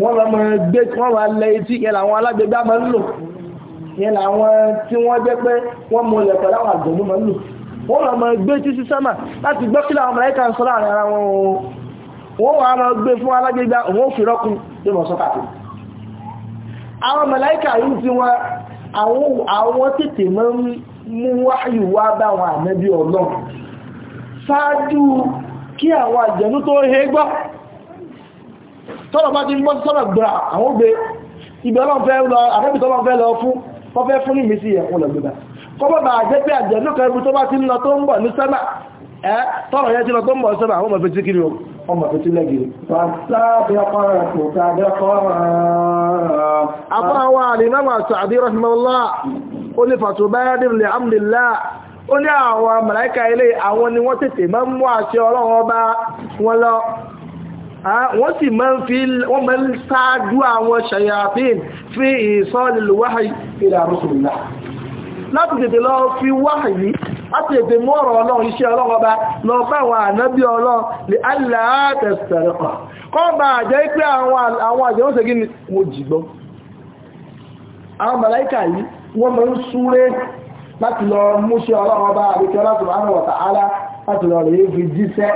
wọ́n lọ máa gbé wọ́n máa lẹ etí yẹn làwọn alágbègbè máa ń yẹn làwọn tí wọ́n jẹ́ pé wọ́n mú ilẹ̀ pẹ̀lú àwọn máa ń wọ́n lọ máa gbé tí sí sẹ́mà láti gbọ́ kí làwọn mọ̀lẹ́kà sọ láàrin ara wọn mú wáyù wá báwọn ànábì ọlọ́run ṣáájú kí àwọn àjẹ̀nú tó hé gbọ́ tọ́lọ̀ bá ti ń gbọ́ sọ́rọ̀ gbà àwọn ògbé ìbẹ̀lọ́fẹ́ lọ fún ọfẹ́ fún ìmísí ẹ̀kùn lọ́gbẹ̀dà kọ́bọ̀ bá jẹ́ pé àjẹ̀nú kẹrù tó bá ti ń lọ tó ń bọ̀ ní sẹ́mà ẹ́ tọ́rọ̀ yẹ́ ti lọ tó ń bọ̀ ní sẹ́mà onye ní fàtúbáyádìr lè ó ní àwọn màláìka ilé ni wọ́n tètè máa ń mú àṣẹ ọlọ́run ọba wọn lọ wọ́n sì máa ń fi wọ́n máa ń àwọn ṣayàfín fi ìsọ́lẹ̀lúwáhàí ìlà rúkùnlá láti tètè fi wáhàí láti tètè mú ọ̀rọ̀ ọlọ́run iṣẹ́ ọlọ́run ọba lọ bá àwọn ànábí ọlọ́run lè wọ́n máa ń súré láti lọ múṣẹ́ ọlọ́run bá àbíkẹ́ ọlọ́run bá wọ̀ tààlà láti lọ rèé fi jíṣẹ́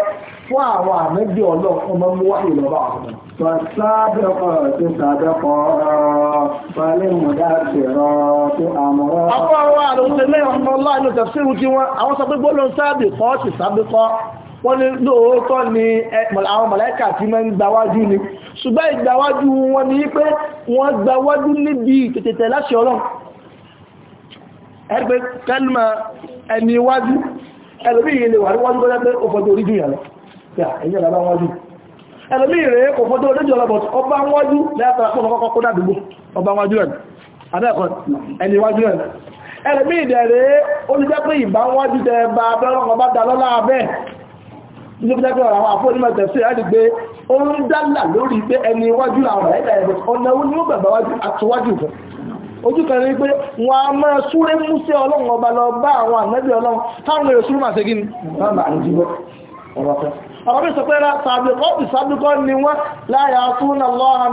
fún àwọn àmẹ́bí ọlọ́run ọmọ mú wáyé lọ́ba ọ̀hún. فالسابقات سابقا فالمدبرات أمرا أقوى وعلى الله رحمه الله إنه تفسيره جوا àwọn sọ pé gbólóhùn سابقات سابقا wọ́n ní lóòótọ́ ni àwọn mọ̀lẹ́kà tí máa ń gbáwájú ni ṣùgbọ́n ìgbáwájú wọn ni pé wọ́n gbáwájú níbi ìtètè láṣẹ ọlọ́run ẹgbẹ́ kálmà ẹni iwájú ẹlòmí yìí lè wà níwájú gọ́jẹ́ pé ó fọ́dọ̀ orí jùyàn lọ ẹ̀yẹ́ lábá wájú ẹlòmí rẹ̀ kò fọ́dọ̀ orí jùyàn lọ bọ̀t ọba wájú lẹ́yàtọ̀ àpọ̀ ọkọ̀ kó dàdúgbò ọba wájú rẹ̀ abẹ́ẹ̀kọ́ ẹni iwájú rẹ̀ ẹlòmí ìdẹ̀rẹ̀ ó ti jẹ́ pé ìbá wájú tẹ bá abẹ́rọ̀ ọba dà lọ́lá abẹ́ nítorí pé ọ̀rọ̀ àwọn afọ́ onímọ̀ tẹ̀sí pé ó ń dálà lórí pé ẹni wájú àtiwájú fún ojú kan ní pé wọn a máa súré músẹ́ ọlọ́run ọba lọ bá àwọn ànábì ọlọ́run táwọn èrò sọ pé ni wọ́n láyà tún lọ́ha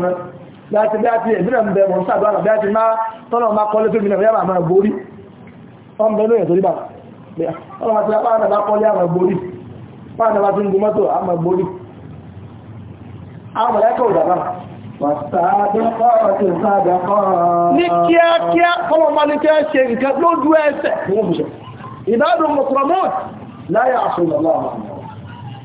máa bí a ti ń bẹ mọ̀ sáàdọ́nà bí a ti máa tọ́nà máa kọ́lé fún mi yàmà àmà borí wọ́n bẹ lóyẹ̀ torí bà wọ́n máa ti lápá àmà bá kọ́lé àmà borí wọ́n àmà ti ń gun mọ́tò àmà borí àwọn mọ̀lẹ́kọ̀ ìdàbà ní kíákíá kọ́mọ máa ní kí ẹ ṣe nǹkan lójú ẹsẹ̀ ìdádùn mùsùlùmí láyé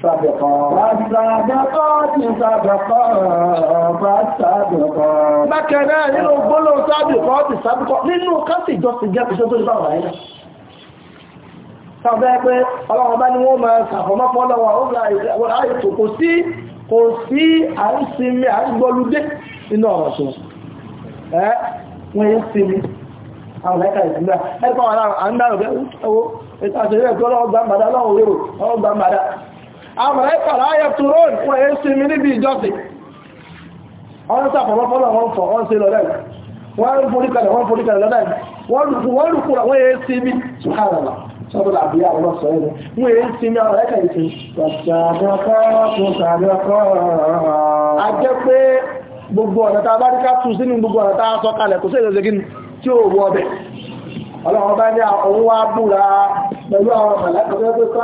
Bákanáà nínú gbóló sábìkọ́ ti sábìkọ́ nínú kásì ìjọsìn jẹ́ kìí tó ìbáwà ẹ̀yà. Sọ́bẹ́ pé ọlọ́run bá ní wọ́n máa sàfọ́mọ́ fọ́lọ́wọ́ àwọn àìtò kò sí kò sí àrísìnmi àrígbọ́lúdé nínú ọ̀rọ̀ ṣe. Ẹ́ wọ́n yẹ́ sinmi àwọn ẹ̀ka ìsinmi. Ẹ́ àwọn ẹ̀kà láyẹ̀ tó rọ́n fún ẹ̀ sí mi níbi ìjọsìn wọ́n sàfọ̀mọ́fọ́lọ̀ wọ́n fọ̀ wọ́n sí lọ́dẹ̀ wọ́n foríkalẹ̀ wọ́n foríkalẹ̀ lọ́dẹ̀ wọ́n lùkúra wọ́n yẹ sí mi sùkárànlá sọ́dọ̀ àbí àwọn ọ̀sọ̀ ẹ̀rọ wọ́n yẹ sí mi àwọn ẹ̀kà ìsìn àjẹ́pẹ́ gbogbo ọ̀nà tá a bá rí ká tù sínú gbogbo ọ̀nà tá a sọ kalẹ̀ kò sí ìrẹsẹ̀ gíní tí ó wọ ọbẹ̀ ọlọ́run bá ní àwọn wá búra pẹ̀lú àwọn mọ̀lẹ́kọ̀ọ́ tó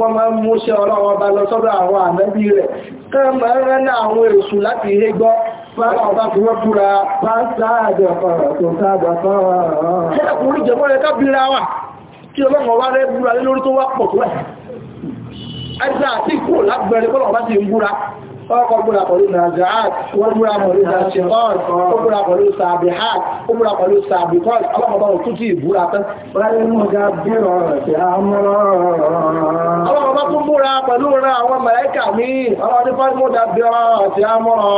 wọ́n máa ń múṣẹ́ ọlọ́run bá lọ sọ́dọ̀ àwọn àmẹ́bí rẹ̀ kẹ́ máa ń àwọn èrùsù láti ilé gbọ́ Fáàbá fi wọ́n búra, fáàbá àjọ̀kọ̀ tó sáàbà fáwà. Ṣé ẹ̀kùnrin jẹ̀mọ́ rẹ̀ ká bíra wà? kí ọlọ́run wá rẹ̀ búra lé lórí tó wá pọ̀ tó rẹ̀ ẹgbẹ́ àti kò lágbẹ̀rẹ̀ kọ́lọ̀ bá ti ń búra ọkọ̀ búra pẹ̀lú nàìjíríàt wọ́n búra pẹ̀lú nàìjíríàt ó búra pẹ̀lú sàbíhàt ó búra pẹ̀lú sàbíkọ́t ọlọ́pàá tó ti ìbúra tán ọlọ́pàá tó búra pẹ̀lú ra àwọn mẹ̀lẹ́kà mi ọlọ́dún fásitì dábírọ̀ ti àmọ́ràn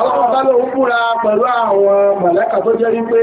ọlọ́pàá tó búra pẹ̀lú àwọn mẹ̀lẹ́kà tó jẹ́ wípé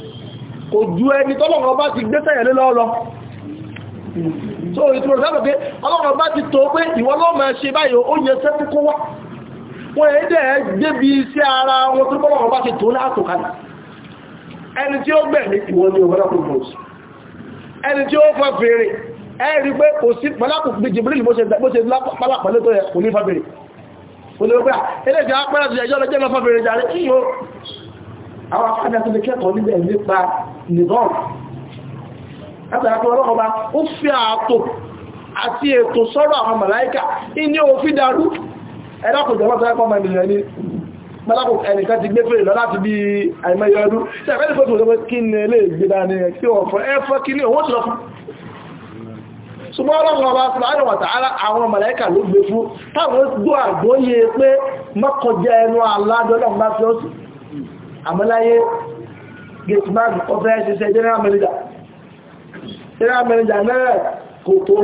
kò ju ẹni tọ́lọ́run bá ti gbẹ́sẹ̀ yẹn lé lọ́wọ́ lọ so ìtumọ̀ sábà pé ọlọ́run bá ti tó pé ìwọ ló máa ṣe báyìí ó yẹ sẹ́kú kó wá wọ́n yẹ dẹ̀ débi iṣẹ́ ara wọn tó bọ́lọ́run bá ti tó láàtò kalẹ̀ ẹni tí ó gbẹ̀mí ìwọ ni ọ̀bọ̀lá kò bọ̀ sí ẹni tí ó fẹ́ fèrè ẹ̀rí pé kò sí pàlápùpù jìbìrìlì bó ṣe pàlápàlẹ́ tó yẹ kò ní fàbèrè olóògbé eléjì apẹ́rẹ́ ti ẹjọ́ lọ jẹ́ lọ fàbèrè jàre yíò àwọn afẹ́ni nípa nìdọ́rù látàrí ọlọ́run bá ó fi ààtò àti ètò sọ́rọ̀ àwọn màláíkà inú òfin darú ẹ̀dàkùnjẹ́ wọ́n tẹ́lẹ́pọ̀ mọ̀ ènìyàn ní mọ́lápù ẹnìkan ti gbé fèrè lọ láti bí àìmọye ọdún tẹ́ẹ̀fẹ́lẹ́ fẹ́ tó sọ pé kí ní ilé ìgbéda ní ẹ̀kí ọ̀fọ́ ẹ̀fọ́ kí ní òun ti lọ fún ṣùgbọ́n ọlọ́run ọba subhanahu wa ta'ala àwọn màláíkà ló gbé fún táwọn gbọ́ àgbóyé pé mọ́kànjẹ́ ẹnu aládọ́lọ́run bá fi ọ́ sí àmọ́láyé gateman ọfẹ́ ṣiṣẹ́ general manager general manager náà kò tó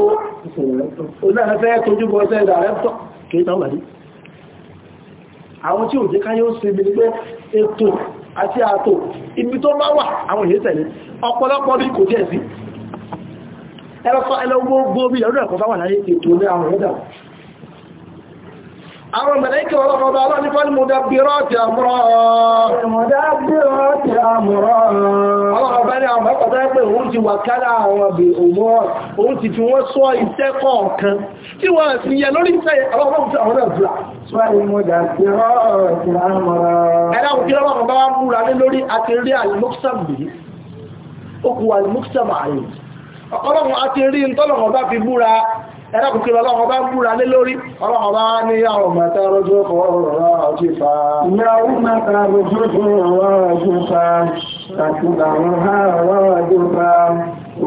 onáfẹ́ tójú bọ́ ṣẹ́ director kìí tán àwọn tí ò jẹ́ káyé ó sinmi ètò àti àtò ibi tó wà àwọn èyí tẹ̀lé ọ̀pọ̀lọpọ̀ bí kò jẹ́ sí ẹ̀kọ́ àwọn ẹ̀dà àwọn mẹ̀lẹ́kẹ̀ ọlọ́pàá aláàrífà ní mọ̀dábírọ́tì àmúrọ̀ mọ̀dábírọ́tì àmúrọ̀ ọlọ́pàá ní àwọn mẹ́kọ̀ọ́ta pé òun ti wà kálá àwọn àbì òmúrọ̀ òun ti fi wọ́n sọ iṣẹ́ kọ̀ọ̀kan tí wọ́n sì yẹ lórí iṣẹ́ ọlọ́pàá ọlọ́run a ti rí ń tọ́lọ̀wọ̀n bá fi búra ẹ̀dàkùnkì ọlọ́run bá ń búra lé lórí ọlọ́run bá ní àwọn mẹ́ta rọ́jú ọkọ̀ ọ̀rọ̀ àjífà ìyàwó mẹ́ta rọ́jú ọ̀rọ̀ àjífà àtìlàwọ̀ àwọn àjífà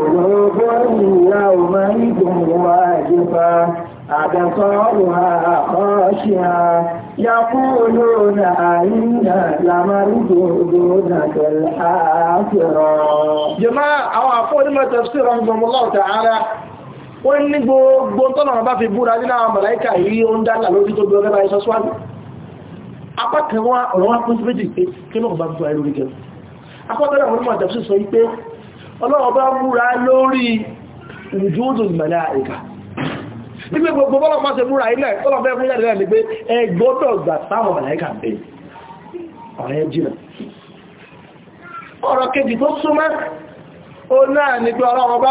olóògbọ́ ìyàwó mẹ́rin wà àjífà àdẹ́sọ́rùn-ún àkọ́ṣíà يقولون أئنا لمردودون في الحافرة جماعة wọ́n ní gbogbo tọ́nà bá fi búra nínú àwọn màláíkà yìí ó ń dálà lórí tó gbọ́gbẹ́ bá iṣọ́ síwájú apákan wọn ọ̀rọ̀ wọn pín sí méjì pé kí náà bá búra lórí gẹ̀ẹ́ apákan àwọn onímọ̀ àjọsí sọ pé ọlọ́wọ́ bá búra lórí ìjúdù màláíkà nígbé gbogbo bọ́lọ̀ máa ṣe búra ilẹ̀ tọ́lọ̀ fẹ́ fún ìyàdì náà ni pé tó súnmọ́ ó náà ni pé ọlọ́wọ́ bá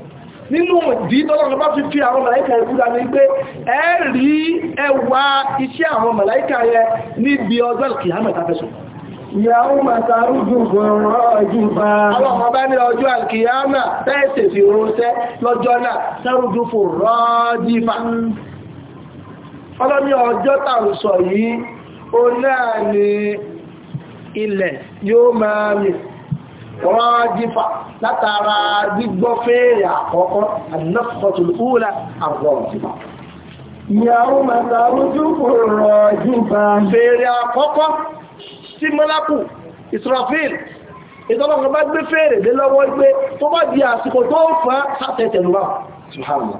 nínú ìdí tọ́lọ́run bá fi fi àwọn màláìkà ìbúdá ní pé ẹ rí ẹwà iṣẹ́ àwọn màláìkà yẹ níbi ọjọ́ kìámẹ̀ tàbẹ̀sùn Ìyàwó màtàrú gbogbo ọjọ́ bá. Àwọn ọmọ bá ní ọjọ́ àkìyàmà tẹ́ẹ̀sẹ̀ fi ilẹ̀ yóò máa mìí rọ́jífà látara gbígbọ́ fèrè àkọ́kọ́ annafkọtul ula àrọ́jífà ìyàwó mẹ́tàrújú rọ́jífà fèrè àkọ́kọ́ sí mọ́lápù Israfil ìtọ́lọ́gbọ́n bá gbé fèrè dé lọ́wọ́ gbé tó bá di àsìkò tó fà sátẹ̀tẹ̀lúwà subhanallah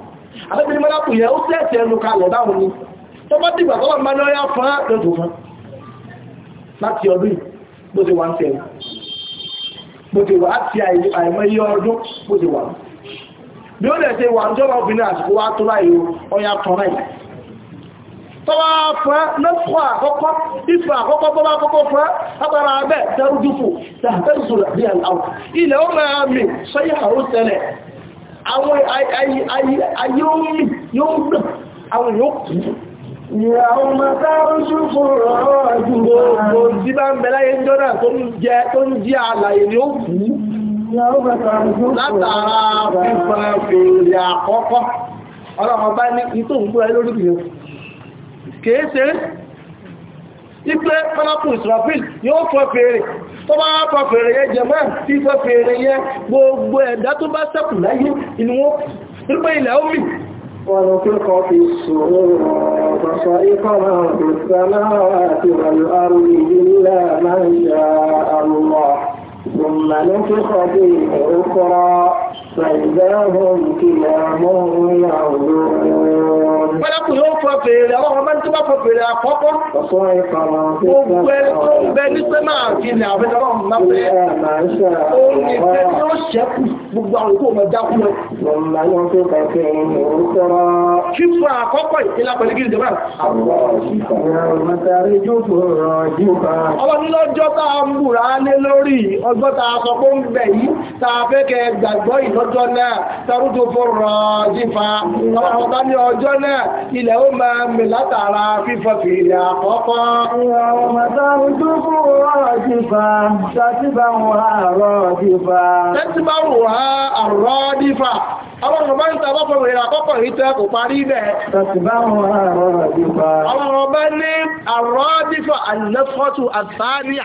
àbẹ́bìnrin mọ́lápù yẹ ó tẹ̀ẹ̀tẹ̀ ẹnu kalẹ̀ báwọn ni tó bá láti ọdún bó ti wà ń tẹ̀lú mo ti wà láti àìmọye ọdún mo ti wà bí ó lẹ̀ ṣe wà ń jọba obìnrin àsìkò wá tó láyé ọya tán láyé tọ́wọ́ fún ẹ́ lọ́pọ̀ àkọ́kọ́ ìfà àkọ́kọ́ tó bá kọ́kọ́ fún ẹ́ agbára abẹ́ tẹ́rùdúfò tẹ́rùdúfò rẹ̀ ilẹ̀ ó máa mì sọ́yà ó tẹ́lẹ̀ àwọn ayé ó mì yóò gbẹ̀ àwọn yóò kú Gbogbo tí bá ń bẹ láyé jọ́nà tó ń jẹ tó ń jí àlàyé ni ó kú látara fífa fèrè àkọ́kọ́. Ọlọ́run bá ní ìtò ń gbúra lórí ìyẹn. Kèé ṣe ipé pálápù ìsìnàfíì yóò fọ́ fèrè tó bá fọ́ fèrè yẹ jẹmọ́ tí ونفق في الصور فصعق من في السماوات والأرض إلا من شاء الله ثم نفق فيه أخرى فإذا هم كلام يعودون Mọ́lákùn yóò fọ fèrè àwọn ọmọ tó bá fọ fèrè àkọ́kọ́. Ọ̀pọ̀ ìfàmà sí ìfàmà. Gbogbo ẹ tó ń bẹ ní pé máa fi ní àwọn ìjọba ọ̀hún máa fẹ́. Ó ní pé tí ó ṣẹ́kù gbogbo àwọn ikú ọmọ dákú lọ. Mọ̀lá yóò tó bá fẹ́ ní orúkọ́rọ́. Fífọ àkọ́kọ́ ìpínlẹ̀ pẹ̀lú kí lọ́jọ́ náà tarúdù fọ́rọ̀ jífa àwọn ọ̀tá ní ọjọ́ náà ilẹ̀ ó máa mì látara fífọ́ fìlà àkọ́kọ́ Àwọn ọ̀rọ̀bá ń tàbá fọ̀rọ̀ ìrà àkọ́kọ̀ ìtẹ́ kò parí ibẹ̀. Àwọn ọ̀rọ̀bá ní àrọ́dífà àlẹ́fọ́tù àtàríà.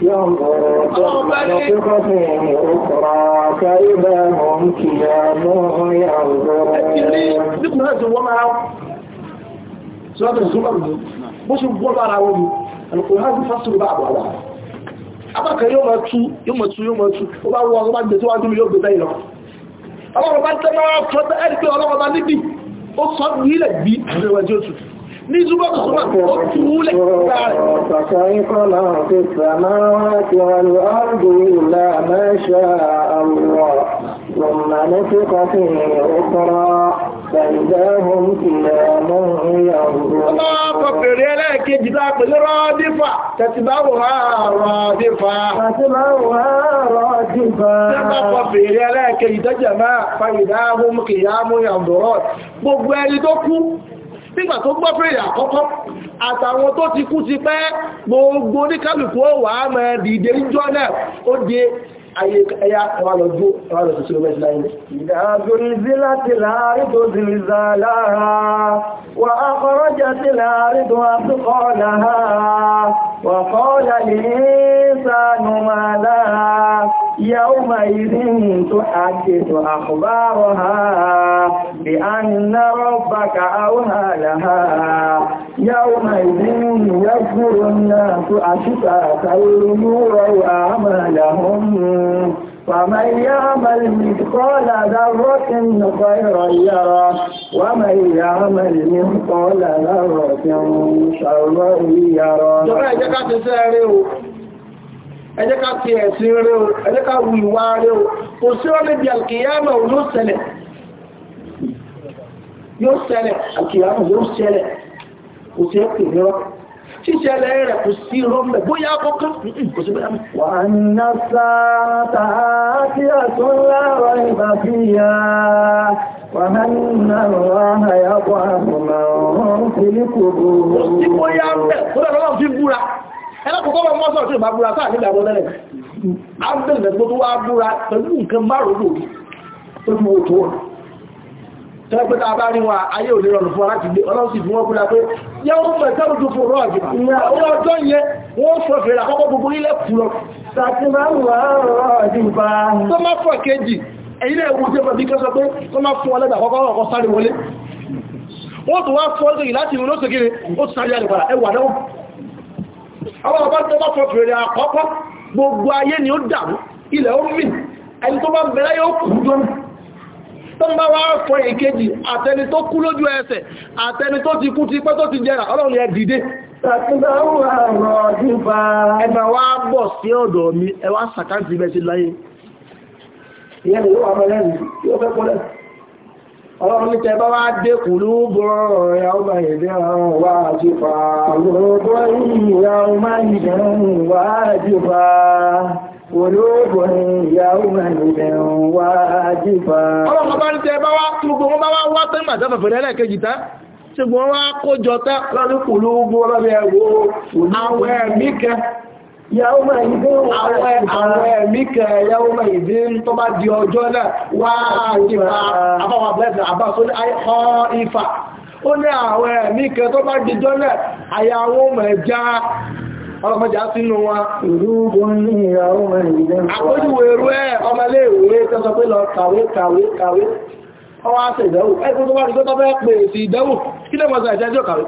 bó ya gbọ́ ya wọn ya alùkùnrin ya bá ya àwọn ya yóò ya tú ya máa ya yóò ya tú ya bá ya bá ya tó ya mi ya gbé ya lọ ya bá ya máa fọ́tẹ́ ẹ̀rí pé ọlọ́run bá níbi ó sọ ya bí ya tí ya tutù ní zúbọ̀tù sọ́bọ̀ ó túúlẹ̀ Ọlọ́pọ̀ bèèrè ẹlẹ́ẹ̀kejì tá pẹ̀lú rọ́dífà, tẹ̀tìbáwò rọ́dífà. Tẹ̀tìbáwò rọ́dífà. Tẹ́tàpọ̀ bèèrè ẹlẹ́ẹ̀kejì tẹ́jẹ̀ máa fàyìdá mú kìyà mú yàndọ̀rọ̀. Gbogbo ẹni tó kú nígbà tó gbọ́ pé àkọ́kọ́ àtàwọn tó ti kú ti pẹ́ gbogbo oníkálùkù ó wà á mọ̀ dìde ìjọ náà ó de ayé ẹyá ẹwà lọ dúó ẹwà lọ títí ọmọ ìsìláyé ní. ìdàgbòrì sí láti láàárín tó ti rí sá lára wà á kọ́rọ́ jẹ́ sí láàárín tó àtúkọ́ lára wà kọ́ọ́lá lè sánú máa lára yàó máa ìrìn tó àjẹ́ tó àkùbárọ̀ ha bí àmàlà hàn ومن يعمل مثقال ذرة خيرا يرى ومن يعمل مثقال ذرة شرا يرى ẹ jẹ́ ká ti ẹ̀sìn rẹ̀ o ẹ jẹ́ ká wù ìwà rẹ̀ o kò sí wọ́n níbi alkiyama ò yóò ṣẹlẹ̀ yóò ṣẹlẹ̀ alkiyama yóò ṣẹlẹ̀ kò sí ẹ̀kùn mìíràn ṣíṣẹlẹ̀ rẹ̀ kò sí rọ́mẹ̀ bóyá kọ́kọ́ kò sí bóyá wà ní sáàtà tí a tó lára ìbà fi ya wà nínú àwọn àyàkọ́ àmọ̀mọ̀ ọ̀rọ̀ fi ní kò bó kò sí bóyá rẹ̀ kò lọ́rọ̀ fi búra ẹlẹ́kọ̀ọ́kọ́ bá mọ́ sọ̀rọ̀ tí tẹ́gbẹ́ tá a bá rí wọn ayé ò lè rọrùn fún aláti gbé ọlọ́run sì fún wọn kúra pé yẹ wọ́n fẹ́ tẹ́rù tó fún rọ́ọ̀gì owó ọjọ́ yẹ wọ́n fọ́ fèrè àkọ́kọ́ gbogbo ilẹ̀ kù lọ tàbí máa ń wà rọ́ọ̀gì bá tó má fọ́ kejì èyí lè wù jẹ́ bí kẹ́sọ pé tó má fún ọlẹ́dà àkọ́kọ́ ọkọ̀ sáré wọlé wọ́n tó wá fọ́ ọ́sẹ̀ láti inú lóṣè kiri ó ti sáré àdìpàdà ẹwà náà àwọn ọba tó bá fọ́ fèrè àkọ́kọ́ gbogbo ayé ni ó dàrú ilẹ̀ ó mì ẹni tó bá bẹ̀rẹ̀ yóò kù jọ́nà tó ń bá wá fọ èkejì àtẹni tó kú lójú ẹsẹ̀ àtẹni tó ti kú ti pẹ́ tó ti jẹrà ọlọ́run ẹ dìde ẹgbà wá bọ̀ sí ọ̀dọ̀ mi ẹ sàkáǹtì bẹ́ sí láyé ọlọ́run ní tẹ́bá wá dékù lóògbọ́ ọ̀rẹ́ ọmọ ìdẹ́ ọ̀rọ̀ wá àjífà lóògbọ́ ìyàwó máa ìdẹ́ ọ̀rọ̀ wá Olóògbò ni ìyàwó ẹ̀lẹ́dẹ̀ wá jífà. Ọlọ́run bá ń tẹ bá wá tí gbogbo wọn bá wá wá tẹ́ ìgbà tẹ́fẹ̀ fẹ̀rẹ̀ ẹlẹ́kejì tán. Tí gbogbo wọn wá kójọ tán lọ́dún kòlóògbò ọlọ́bẹ̀ ẹ̀wọ̀ àwọn ẹ̀mí kẹ. Àwọn ẹ̀mí kẹ yàwó mẹ́ìdí tó bá di ọjọ́ náà wá jífà. Àbáwà bẹ́ẹ̀ àbáṣọ́ ní ọ ifà. Ó ní àwọn ẹ̀mí kẹ tó bá di ọjọ́ náà, ọlọ́mọjà sínú wọn àpójúwò èrú ẹ̀ ọmọléèwé tẹ́sọ pé lọ kàwé kàwé kàwé ọwọ́ àṣẹ ìdánwò ẹgbùn tó wá nígbẹ́ tọ́fẹ́ pè sí ìdánwò kí lè mọ́sàn ìṣẹ́jọ́ kàwé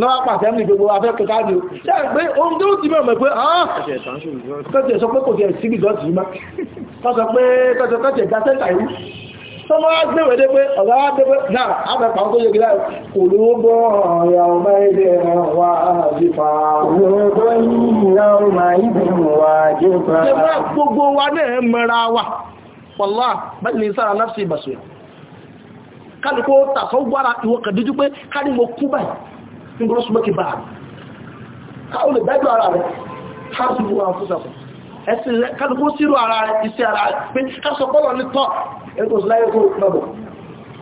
lọ́wọ́ pàtẹ́ ní gbogbo afẹ́kẹ́ káàdì ṣe pé ohun tó ti mọ̀ pé ọ́n kẹ́tẹ̀ sọ pé kò jẹ́ sí sọmọ agbẹ̀wẹ̀ dé pé ọ̀gá agbẹ̀wẹ̀ náà agbẹ̀pà ń tó yẹ gíláà olóbọ̀ ọ̀yà ọmọ ilé wa jípa olóbọ̀ ìyá ọmọ ibi wa jípa jẹba gbogbo wa náà mẹ́ra wa pọ̀lá bẹ́ẹ̀ni sára náà sí ìbàṣẹ̀ kálùkó tàṣọ́ gbára ìwọ̀kà díjú pé kárí mo kú báyìí nígbọ́n súnmọ́kì bá rẹ̀ ká o lè bẹ́ẹ̀dọ̀ ẹgbẹ́ òṣìláyé kó pẹ̀bọ̀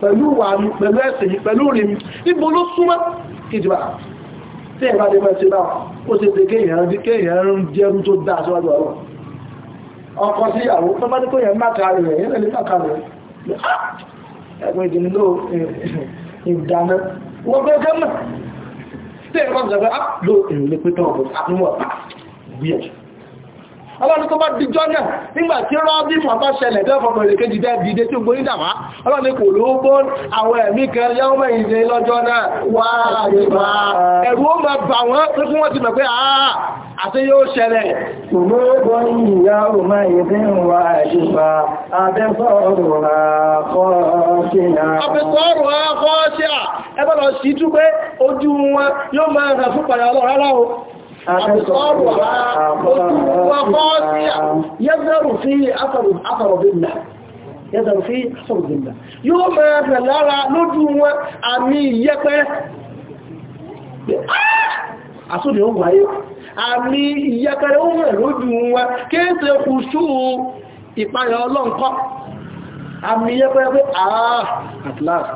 pẹ̀lú wà mí pẹ̀lú ẹ̀sìn mi pẹ̀lú rìn mi níbo ló súnmọ́ ìjìbà tí ẹ̀bá dé mọ́ ṣe báwọn ó ṣe ṣe kéèyàn rí kéèyàn ń jẹun tó dáa síwájú ọ̀rọ̀ ọkọ sí ìyàwó tó bá ní kó yẹn má ka rẹ̀ yẹn lè má ka rẹ̀ ah! ẹgbẹ́ ìdìní ló ìdáná wọ́n fẹ́ gẹ́mà tí ẹ̀bá sọ pé á ah, lo èrò lè pété ọ̀bọ̀ àdúgbò àgbìyànjú ọlọ́run tó bá dijọ́ náà nígbà tí rọ́bí fọ́tọ́ ṣẹlẹ̀ tó fọ́tọ̀ èrè kejì dẹ́ dìde tí gbóyìn dàmá ọlọ́run kò ló bó àwọn ẹ̀mí kan yẹ́wọ́ mẹ́yìn lọ́jọ́ náà wá ti mọ̀ pé àá àti yóò ṣẹlẹ̀ ṣùgbọ́n ìyá ọmọ ìdí wa àṣìfà abẹ́sọ̀rọ̀ àkọ́ ṣíà abẹ́sọ̀rọ̀ àkọ́ ṣíà ẹgbẹ́ lọ sí tú pé أبصارها خطوة قاسية يظهر فيه أثر أثر بالله يظهر أثر بالله yóò máa rẹ̀ lára lójú wọn àmì ìyẹ́pẹ́ àsódì ó wáyé àmì ìyẹ́pẹ́rẹ́ ó rẹ̀ lójú wọn kéèsè kùsù ìpayọ̀ ọlọ́nkọ́ àmì ìyẹ́pẹ́rẹ́ pé àà at last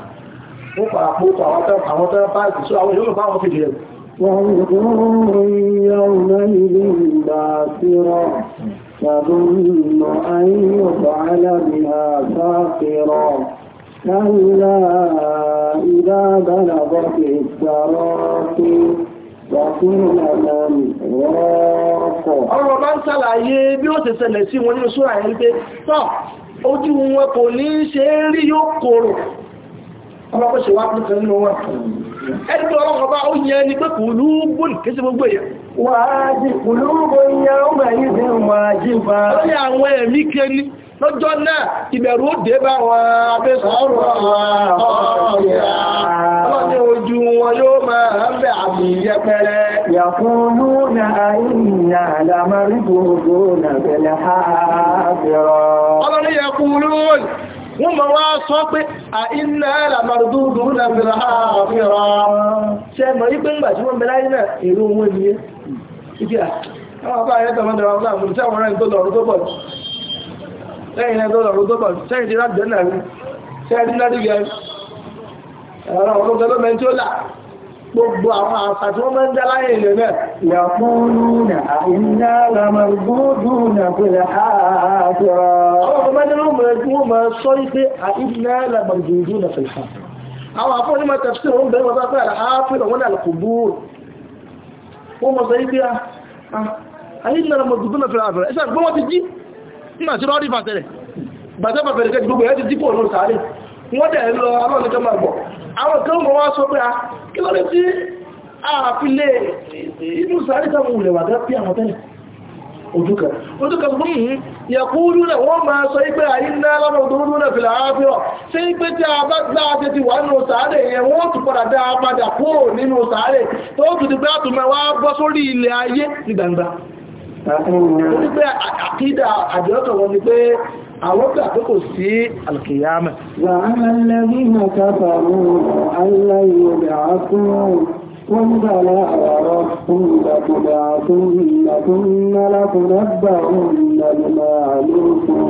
ó pàápọ̀ àwọn tẹ́ báyìí sí àwọn كافرا تظن أن يفعل بها ساقرا كلا إذا بلغت التراقي وقيل من راق ọ̀rọ̀ bá ń ṣàlàyé bí ó ṣe ṣẹlẹ̀ sí wọn nínú súra ẹ̀ ń pé tọ́ ojú wọn kò ní ṣe rí yóò kòrò ọlọ́pọ̀ ṣe wá pùtẹ̀ nínú wọn ẹni tó ọlọ́run ọba ó yẹ ni pé kùlúùbùn kí gbogbo èèyàn wàájì kùlúùbùn yẹ ó mẹ́rin sí wàájì bá ó ní àwọn ẹ̀mí kẹni lọ́jọ́ náà ìbẹ̀rù ó dé bá wọn abẹ́sọ̀rọ̀ ọlọ́ni ojú wọ́n ma wá sọ pé à iná làmàrúdú dùrú na fìrà àfihàn ṣe mọ̀ yí pé ń gbà tí wọ́n bẹ̀rẹ̀ náà èrò wọn ni yé ìdí à àwọn àbá ayẹ́ tọmọ dọ̀rọ̀ náà mo tẹ́ àwọn ẹni tó lọ́rùn tó pọ̀ lẹ́yìn ẹni tó lọ́rùn tó pọ̀ sẹ́yìn ti rájẹ́ náà rí sẹ́yìn ti náà rí gbogbo àwọn àṣàtí wọ́n mẹ́ ń dá láyé ilẹ̀ náà yàkúrúnà iná lamàrúdúnà pẹ̀lẹ̀ ààtọ̀ àwọn ọmọ mẹ́jọ mẹ́rin tí wọ́n mẹ́ sọ ipé iná lamàrúdúnà pẹ̀lẹ̀ ààtọ̀ àwọn àfọ́nì máa tẹ̀sí wọn bẹ̀rẹ̀ wọn sáfẹ́ àlàáfíà wọn àlùkùbù wọ́n mọ̀ sọ ipé iná lamàrúdúnà pẹ̀lẹ̀ ààtọ̀ ẹ̀sà gbọ́n wọ́n ti jí nígbà tí wọ́n rí fàtẹ̀rẹ̀ gbàtẹ́ fàtẹ̀rẹ̀ kẹ́ wọ́n dẹ̀ lọ alọ́nìjọ́ máa gbọ̀ àwọn kan mọ̀ wá sọ pé ah, a kí lọ́dẹ̀ tí àfilé inú sáré sáwọn olè wà gápí àwọn tẹ́lẹ̀ ojúkà ojúkà fún yẹ̀kúrú náà wọ́n máa sọ ipé àyíná lọ́dọ̀dọ́dọ́ náà fìlà a bá gbá àti ti wà nínú sàárè yẹn wọ́n tún padà a padà kúrò nínú sàárè tó tún ti gbá àtúnmọ̀ wá bọ́ àwọn gbà pé kò sí alkiyama wàhálà lẹ́bí náà káfàrú aláyọ̀dà fún وانبلى ربكم لتبعثن ثم لتنبعن بما علمتم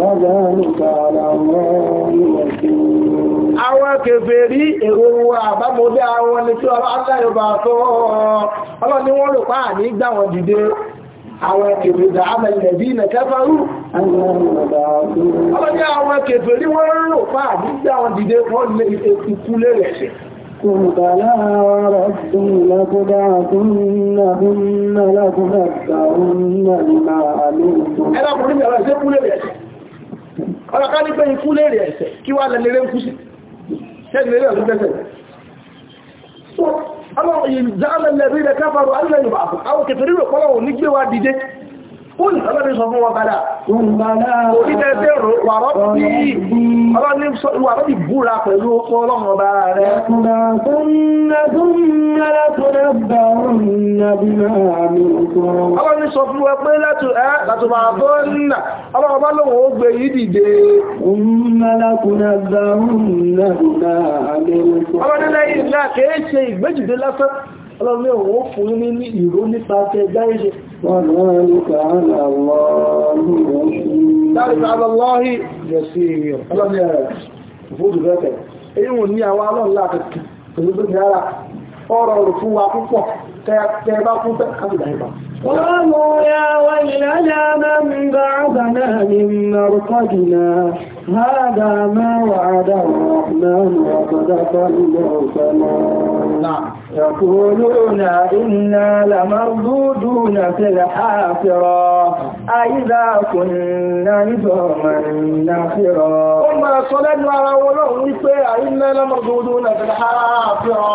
وذلك على الله يسير àwọn kèfèrí èrò wa àbámọ́dé àwọn ni tí ọlọ́ aláyọ̀bà tó ọlọ́ wọ́n lò pàà ní gbà dìde àwọn kèfèrè àwọn ẹ̀lẹ́bí ilẹ̀ kẹfàrú ọmọdé àwọn kèfèrè wọ́n rò pa àdígbà wọn dìde wọ́n lè ikú lẹ́rẹ̀ ẹ̀ṣẹ̀ Kùnbàlá ọ̀rọ̀ tún lọ́kúdá tún lọ́kún náà lọ́kún ọlọ́run yìí jáàlẹ̀ lẹ́rí rẹ̀ káfàrò alẹ́ ìbà àpò àwọn kẹfẹ̀rí rẹ̀ kọ́lọ̀wọ̀ ní gbé wa dìde ó ní ọlọ́rin sọ fún wọn padà orí ọlọ́ni ìwà lọ́bì búra pẹ̀lú ọkọ ọlọ́run ọba rẹ̀ ọlọ́ni sọ fún wa pé látò ẹ́ látò máa bọ́ nà ọlọ́run ọba lóhun ó gbé yìí dìde ọlọ́ni lẹ́yìn náà kèé ṣe ìgbéjìdé lásán ọlọ́run yóò wọ́n fún ní ní ìró nípa tẹ dáìṣẹ́ wọ́n náà ní kàánà lọ́ọ̀lọ́hì jẹ́sí ìrìn ọlọ́run yára قالوا يا ويلنا من بعثنا من مرقدنا هذا ما وعد الرحمن وصدق المرسلون نعم يقولون إنا لمردودون في الحافرة أئذا كنا نجوما نخرا ثم صلى الله عليه وسلم إنا لمردودون في الحافرة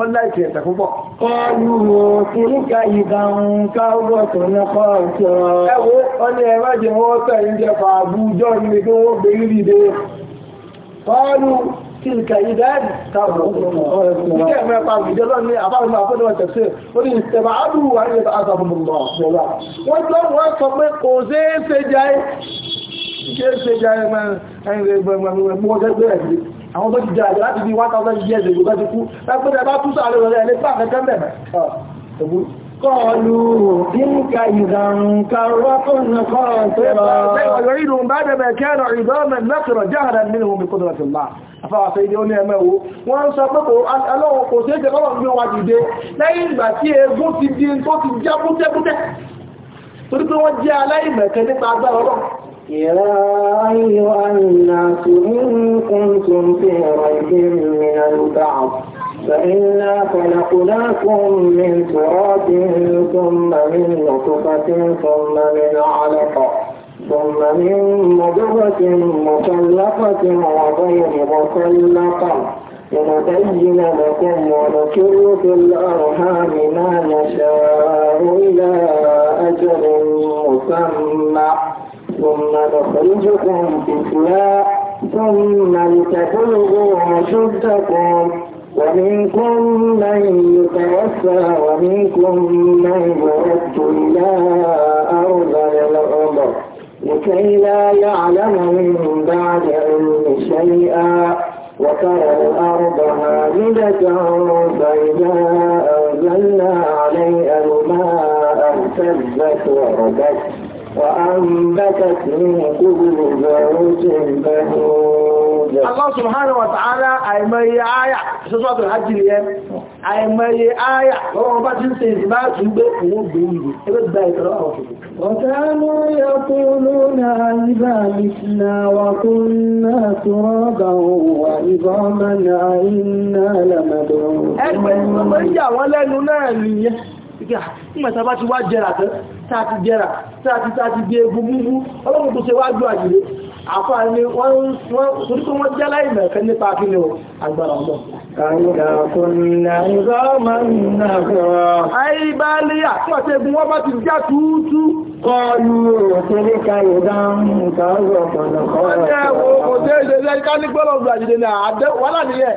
ọlá kí wọ́n gbé rí dé. Ọlú kìríkà ìdáhùn káwọ́ tó ní kọ́ ọ̀tọ́. Ní ẹ̀mẹ́ pa àbújọ́ lọ ní àbáwọn àfọ́dọ̀ ọ̀tẹ̀ sí, ó ní ìṣẹ̀bà ádùn wà ní ẹ̀ta àtàbùnbùnbọ̀. Wọ́n tọ́ wọ́n sọ pé kò àwọn tó ti jẹ́ àjẹ́ láti bí 1000 years ago bá ti kú lápẹ́rẹ́ bá tún sàárẹ̀ rẹ̀ ẹni pàfẹ́ kẹ́mẹ̀ Kọlu òdínká ìdànkà rọ́kùn kan tó rọ̀. Ìwọ̀n ìrùn bá bẹ̀bẹ̀ kẹ́rọ ìdọ́mẹ̀ lẹ́kọ̀rọ̀ jáhàrà nínú omi kó dọ̀tí máa. Afáwàfẹ́ ilé oní ẹmẹ́ wo, wọ́n sọ pé kò alọ́wọ́ kò sí ẹjẹ́ lọ́wọ́ gbé wa dìde lẹ́yìn ìgbà tí egún ti يا أيها الناس إن كنتم في ريب من البعث فإنا خلقناكم من تراب ثم من نطفة ثم من علقة ثم من مضغة مخلقة وغير مخلقة ونبين لكم ونكر في الأرحام ما نشاء إلى أجل مسمى ثم نخرجكم فتنا ثم لتبلغوا أشدكم ومنكم من يتوفى ومنكم من يرد إلى أرض العمر لكي لا يعلم من بعد علم شيئا وترى الأرض هامدة فإذا أنزلنا عليها الماء اهتزت وربت وأنبتت من كل زوج بنود الله سبحانه وتعالى àìmọye áyà ṣọ́sọ́tò hajjìlì ẹ àìmọye áyà lọ́wọ́ bá ti ń ṣe ìsìnbá tún gbé òun gbé ìlú ẹgbẹ́ وكانوا يقولون إذا متنا وكنا ترابا وعظاما أئنا لمبعوثون pé ah, nígbàtà bá ti wá jẹrà tán tàti jẹrà tàti tàti bí egun múmú ọlọ́run tó ṣe wá jù àjìrí àfáà ni wọ́n torí pé wọ́n jẹ́ láìmẹ̀ kan nípa akíni o agbára ọmọ àìbálẹ́yà fún àtẹ́gùn wọ́n bá ti já túútú Kọlu òkèrè kàìdá ń kàárọ̀ ọ̀pọ̀lọpọ̀. Ọjẹ́ wo kò tẹ́ ìdẹ́lẹ́ ká ní gbọ́lọ̀gbọ̀ àjídẹ́ ní àádẹ́wọ́lá nìyẹn.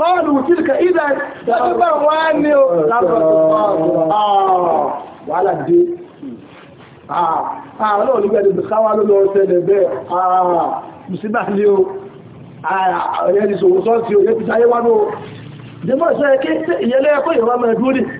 kọ́ọ̀lù tílkà ìdá ìgbà wá ní o ah. wàhálà dé àwọn olùgbẹ́ ìdìbò káwà ló lọ ṣẹlẹ̀ bẹ́ẹ̀ ah. mùsíbà ní o ààrẹ ah, ìṣòwò sọ́ọ̀tì ò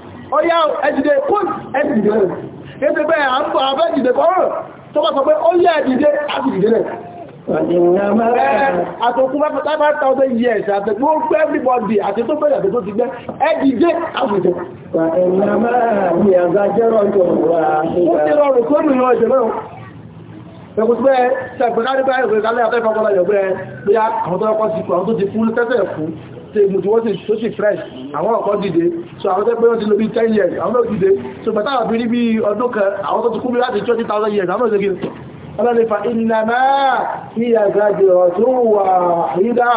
ọyá ẹ̀dìdẹ̀ pọ́t ẹ̀dìdẹ̀ rẹ̀ ẹ̀dìdẹ̀ bẹ́ẹ̀ à ń bọ̀ abẹ́ ìdìdẹ̀ kọ́rọ̀ tó bá sọ pé ó yẹ ẹ̀dìdẹ̀ àtìdìdẹ̀ rẹ̀ àtòkú bá fẹ́ bá ta ọdẹ yẹ ẹ̀sẹ̀ àtẹ̀kú ó gbẹ́ everybody àti tó bẹ̀rẹ̀ àti tó ti gbẹ́ ẹ̀dìdẹ̀ àwùjọ. ó ti rọrùn tó nù ìrọ̀ ìṣẹ̀lẹ̀ ẹgbẹ́ sẹ́gbẹ̀rẹ́ àdébáyé ìwé kálẹ̀ afẹ́fẹ́ ọkọ̀ láyọ̀ gbẹ́ bí i àwọn tó ẹkọ́ sí kú àwọn tó ti fún tẹ́tẹ̀ fún tó sì fresh àwọn ọ̀kọ́ dìde so àwọn tẹ́ pé wọ́n ti lò bí 10 years àwọn náà dìde so bàtà àbí ní bí ọdún kan àwọn tó ti kú bí láti 20,000 years àwọn náà ọlọ́ni fa ìnàmá kí àgbàjì ọ̀tún wà ìdá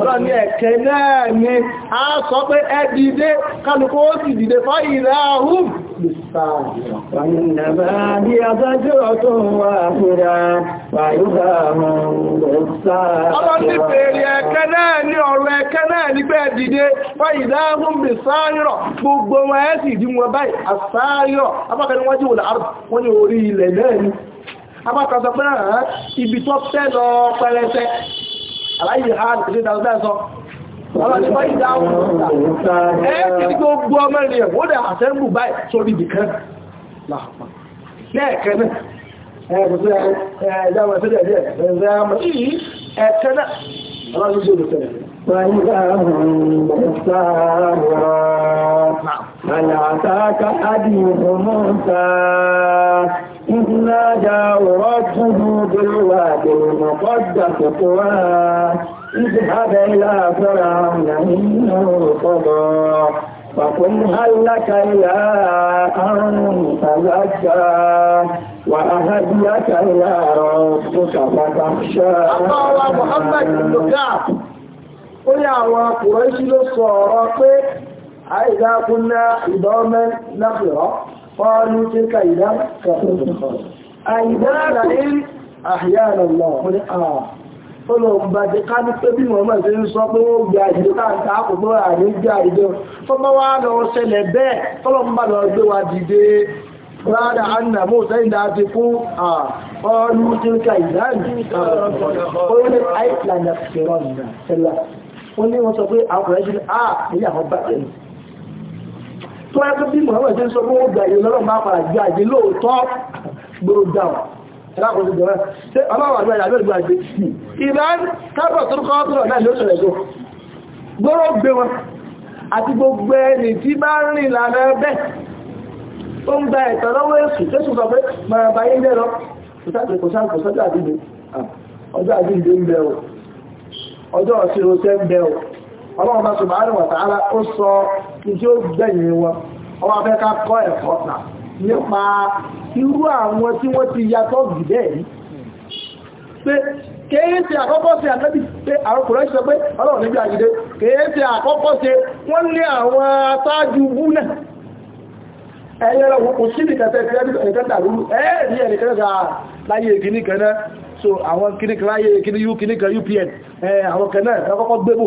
ọlọ́ni ẹ̀kẹ́ náà ni a sọ pé ẹ dìde kálùkù ó sì dìde fọ́ ìrẹ́ ahùn Ọlọ́ni fèrè ẹ̀kẹ́ náà ní ọ̀rọ̀ ẹ̀kẹ́ náà ní pé dìde fọ́ ìdáhùn bè sáàrọ̀ gbogbo wọn ẹ́ sì dí wọn báyìí àsáàrọ̀ apákaníwájú wọ̀n ní orí ilẹ̀ náà abákasọ pé hàn ibi tó tẹ́ lọ pẹrẹsẹ aláyè ha ní ìdájọ́ sọ ọlọ́dún bá ìdá ẹ̀ẹ́dì gbogbo ọmọ ènìyàn ó dẹ̀ àtẹ́mù báyìí sórí ibìkan láàpá lẹ́ẹ̀kẹ́ náà ẹ̀ẹ́dẹ̀ ẹ̀ẹ́dẹ̀ ẹ̀ẹ́dẹ̀ ẹ̀ẹ́dẹ̀ إذ نادى ربه بالواد المقدس طوى اذهب إلى فرعون إنه طغى فقل هل لك إلى أن تزكى وأهديك إلى ربك فتخشى الله محمد بن كعب ó ní àwọn Kùrẹ́ṣì ló sọ ọ̀rọ̀ pé àìdákúnná ìdọ́mẹ́ náà قالوا تلك إدارة إدارة أحيان الله قل آه Ọlọ́run bá ti ká ní pé bí wọ́n mọ̀ sí ń sọ pé ó gbé àjẹ́ káàkiri àkùnkùn àrí gbé àjẹ́ fọ́nbá wá lọ ṣẹlẹ̀ bẹ́ẹ̀ tọ́lọ́run bá lọ gbé wa dìde rádà anna mú sẹ́yìn dáa kú ọlú tí ó ká tó yẹ kó bí Muhammad ṣe ń sọ fún ó gbàyè lọ́lọ́run bá padà gbé àjẹ lóòótọ́ gbòrò dáwà ẹlákòóso jọra ṣe ọlọ́wà àgbà ìyàbẹ̀ ìgbà àjẹ ìran kápọ̀ tó kọ́ tó rọ̀ náà ló ṣẹlẹ̀ tó gbòrò gbé wọn àti gbogbo ẹni tí bá ń rìn lànà bẹ́ẹ̀ ó ń gba ẹ̀tọ́ lọ́wọ́ èṣù tó sùn sọ pé màá bá yín lẹ́rọ kò sáà kò ọlọ́run bá subhanahu wa ta'ala ó sọ tí ó gbẹ̀yìn wọn ọwọ́ afẹ́ ká kọ́ ẹ̀kọ́ náà nípa irú àwọn tí wọ́n ti yàtọ̀ gìdẹ́ yìí pé kéèsì àkọ́kọ́ sí àtẹ́bí pé àwọn kùrẹ́ ṣe pé ọlọ́run níbi àjídé kéèsì àkọ́kọ́ sí wọ́n ní àwọn atájú bú náà ẹ̀yẹ́rẹ̀ wọ́n kò sí nìkẹta ẹ̀kẹ́dàrú ẹ̀ẹ́dì ẹ̀nìkẹta láyé ìkíníkẹ náà so àwọn kíníkẹ láyé ìkíní upn àwọn kẹ náà ẹ̀kọ́kọ́ gbébò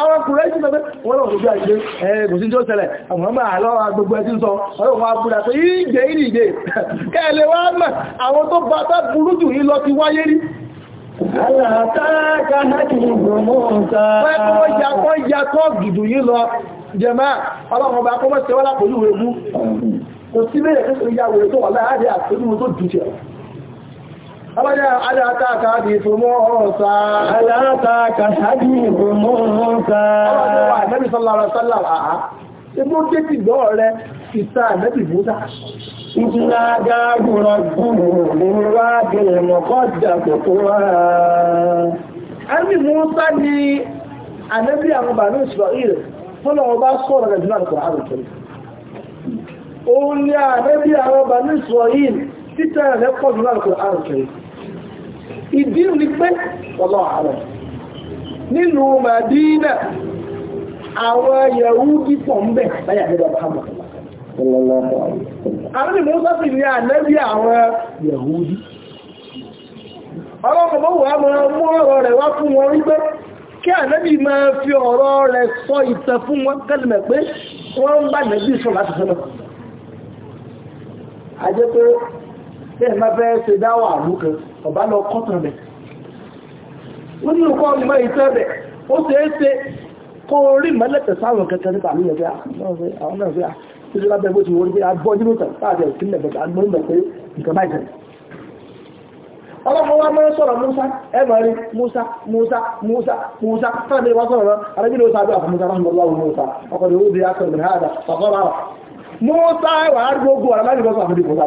àwọn kùrẹ́ sí pẹ́pẹ́ wọ́n lọ́wọ́ gbogbo àìgbé ẹ̀ẹ́ kò sí tó ṣẹlẹ̀ àwọn ọmọ àlọ́ agbogbo ẹ̀sí sọ ọlọ́wọ́ abúra pé ìgbé ìrìgbé kẹ́ẹ̀lẹ̀ wá mọ̀ àwọn tó bá tá burú jù yí lọ ti wáyé rí Kò sí mẹ́rẹ̀ tó yàwó ètò wà láàárín àti ojú tó dùn jẹ́. أبدا ألا تاك حديث موسى ألا تاك حديث موسى النبي صلى الله عليه وسلم Ibú jẹ́ ti gbọ́ rẹ̀ ìta àmẹ́bì Búdá. Ìjìnà gáàgùrọ̀ gbùrù ní wáàgì ìmọ̀kọ́ ìjàkò tó wá. Àmì Músá ni àmẹ́bì àwọn bàánú ìṣòro ìrẹ̀ fún ọmọ bá sọ̀rọ̀ rẹ̀ jùlọ àkùrọ̀ àrùn Òun ni àmẹ́bì àwọn bàánú ìṣòro ìrẹ̀ títẹ̀ rẹ̀ pọ̀ jùlọ àkùrọ̀ àrùn ìdínú ni pé wọ́lọ́ àárọ̀ nílùú Màdínà àwọn Yahudi pọ̀ ń bẹ̀ láyà nígbà Muhammad àwọn ìlú sọ́sì ní ànẹ́bí àwọn Yahudi ọlọ́pọ̀ wà máa mú ọ̀rọ̀ rẹ̀ wá fún wọn wípé kí ànẹ́bí máa fi ọ̀rọ̀ rẹ̀ sọ ìtẹ̀ fún wọn kẹ́lùmẹ̀ pé wọ́n ń bá nẹ́bí sọ láti sọ́nà àjẹ́ pé bẹ́ẹ̀ máa ṣe dáwà àlúkan ọ̀bá lọ kọ́tàn rẹ̀ ó ní ọkọ̀ ọlùmọ̀ ìfẹ́ rẹ̀ ó ṣe é ṣe kó rí mẹ́lẹ̀tẹ̀ sáwọn kẹta nípa ní ẹgbẹ́ àwọn náà fẹ́ àti lábẹ́ bó ti wọ́n gbé agbọ́ nínú tàn láti ẹ̀sìn lẹ̀bẹ̀ta agbóhùnmẹ̀ pé nǹkan báyìí tẹ̀lé ọlọ́pọ̀ wa mọ́ sọ̀rọ̀ Musa ẹmọ̀rí Musa Musa Musa Musa tàbí wá sọ̀rọ̀ arábí ló sáájú àfàmúta rahimahullahu Musa ọkọ̀ ni ó bí i akọ̀ ìrìn àdà ọkọ̀ bára Musa wà á gbogbo àrábí lọ́sọ̀ àfàmúta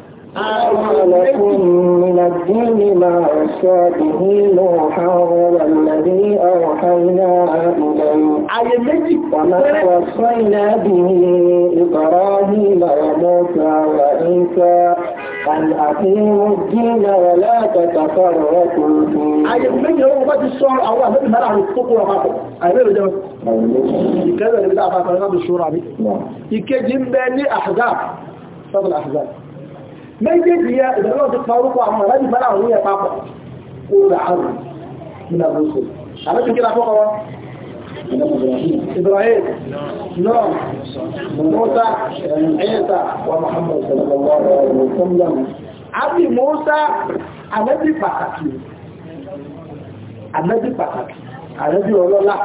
لكم من الدين ما وصى به نوحا والذي أوحينا إليه وما وصينا به إبراهيم وموسى وعيسى أن أقيموا الدين ولا تتفرقوا فيه. أي من يوم ما تشعر أو أهل المرأة التقوى معكم. أي من يوم اللي بدأ فاتنا بالشورى بني أحزاب. méjèèjì yẹ ìdájọ́ ti pa orúkọ àwọn ọ̀rẹ́bí fẹ́ràn àwọn yẹn papọ̀ kó rà áwùn nínú àwọn oṣù àbẹ́ ti kíra fọ́kọ́ wọn Ibrahim náà Musa Isa wa Muhammad sallallahu alaihi wa sallam àbí Musa àbẹ́bí pàtàkì àbẹ́bí pàtàkì àbẹ́bí ọlọ́lá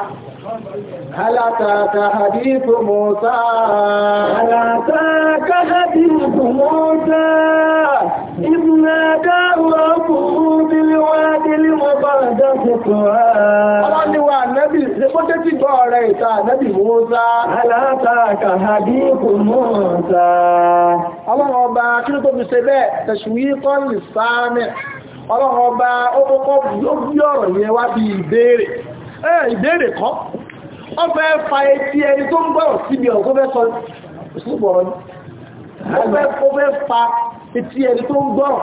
هل أتاك حديث موسى هل أتاك حديث موسى إذ ناداه ربه بالوادي المقدس طوى ọlọ́run ọba ó kọ́kọ́ bí ọ̀rọ̀ wá bí ìbéèrè ẹ̀ ìbéèrè kọ́ ọ fẹ́ fa etí ẹni tó ń gbọ́rọ̀ síbi ọ̀rọ̀ tó fẹ́ sọ ìsúbọ̀rọ̀ ni ó fẹ́ fa etí ẹni tó ń gbọ́rọ̀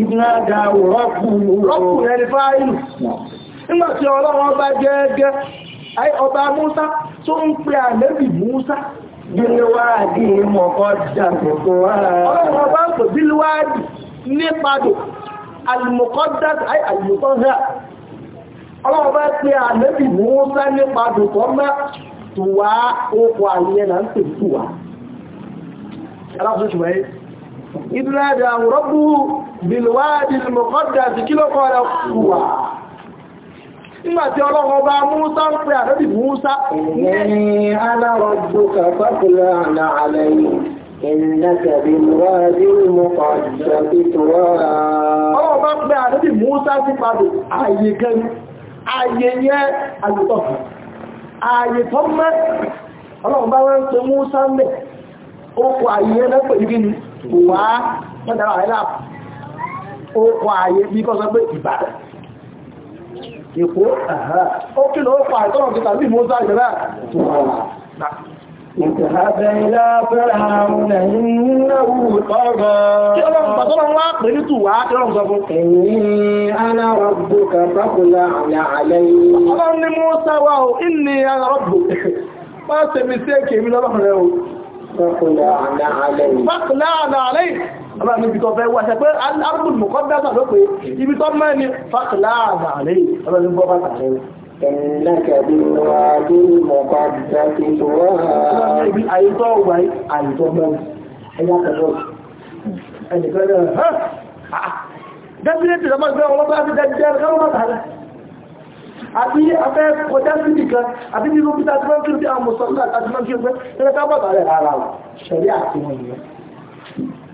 ìdínàdà rọ́pù ẹni fáìlù nígbàtí ọlọ́run ọba gẹ́gẹ́ ọba Músá tó ń pè àlẹ́bì Músá bílúwáàdì mọ̀kọ́ jàǹkòkò ọlọ́run ọba ń pè bílúwáàdì nípadò alìmọ̀kọ́dá àìyíkọ́hẹ́ ọlọ́run bá pè àlẹ́bì Músá nípadò kọ́ mẹ́ tùwá okò àyẹ́ là ń pè tùwá aláàbùsùn ìdúrádà rọ́bù bilwadi al-muqaddas kí ló kọ́ rẹ̀ wà nígbàtí ọlọ́run ọba múúsá ń pè àdọ́bì múúsá ní alárọ̀jú kàfàkùlà àlàálẹ̀ ìrìnàkà bí wáàdí mọ́kọ̀ ìṣàkítọ̀wà ọlọ́run bá pè àdọ́bì múúsá sí padà ń pe ó kọ ààyè náà pẹ̀lú kò wá mọ́tàrà àìlà ó kọ ààyè bí kọ́ sọ pé ìbàdàn èkó ó kí lọ ó pa ìtọ́nà títà bí mọ́sá ìjọba tó wà Ìtàbẹ̀ ilá fẹ́ra àwọn ẹ̀yìn tọ́rọ. Kí ọlọ́run fákùnláàna àlẹ́yìn ọba mi bìtọ̀ fẹ́ wà ṣẹ̀pẹ́ arúgbùn mọ̀kọ́ dáta ló pé ibi tọ́ mẹ́ ni fákùnláàna àlẹ́yìn ọba mi bọ́ bàtà rẹ̀ Ẹnlẹ́kẹ̀ bí wà ní mọ̀kọ́ dáta ti wà. Ibi àyíkọ́ wà àyíkọ́ mẹ́rin, ẹ̀yà pẹ̀lú ẹnìkan náà. Dẹ́bílẹ̀ tí lọ́mọ́ gbé ọmọ bá ti àbí afẹ́ kọjá sí nìkan àbí nínú peter tí wọ́n kí ní àwọn mùsùlùmí àti àjùmọ̀ kí n pẹ́ ẹgbẹ́ ká bàbá rẹ̀ rárá o ṣẹ̀rí àti wọn nìyẹn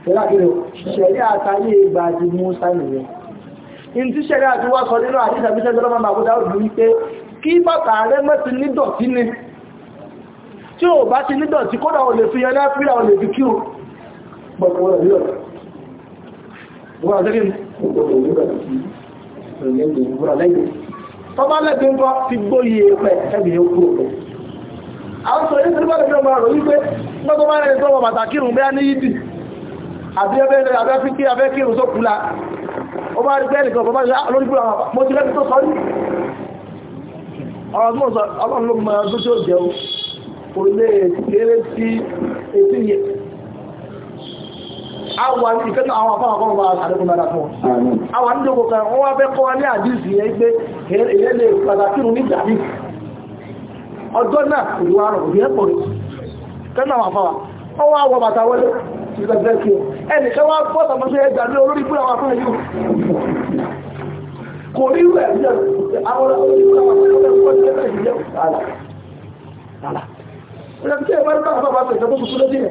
ṣẹ̀rí àti wọn ṣẹ̀rí àtàyè ìgbà àti musa nìyẹn in ti ṣẹ̀rí àti wá sọ nínú àdíjà bí sẹ́jọ́ lọ́mọ àbúdá òdù wípé kí bàbá rẹ̀ mẹ́sì ní dọ̀tí ni tí ò bá ti wọ́n rẹ̀ lọ́rọ̀ lẹ́yìn tọ́ba lẹ́bi ńkọ́ ti gbóyè pẹ̀ ẹ̀mí yóò kúrò pẹ̀. àwọn sọ yìí sílẹ̀ bẹ́ẹ̀ máa rò wípé gbọ́dọ̀ máa rẹ̀ sọ́wọ́ bàtà kírun bẹ́ẹ̀ ní yídì àbí ẹbẹ́ rẹ̀ abẹ́ fi kí abẹ́ kírun tó kula ó bá rí bẹ́ẹ̀ nìkan bàbá rẹ̀ ah, lórí kúrò mo ti lẹ́bi tó sọ ní. ọ̀rọ̀ tó sọ ọlọ́run ló mọ àwọn ìkẹta àwọn afọ́nàkọ́ ọmọ àdẹ́kùn lára fún àwọn àdíjòkò kan wọ́n wá fẹ́ kọ́ wá ní àdíjì yẹn pé èyẹ lè pàtàkìrù ní ìjàmí ọjọ́ náà ìlú ọwa òbí ẹ̀pọ̀ rẹ̀ kẹ́nà àwọn afọ́wà wọ́n wá wọ bàtà wọlé ẹnìkan wá bọ́ sàmọ́sẹ́ ẹjà ní olórí pé àwọn afọ́nà yìí kò rí rẹ̀ àwọn olórí pé àwọn afọ́nà yìí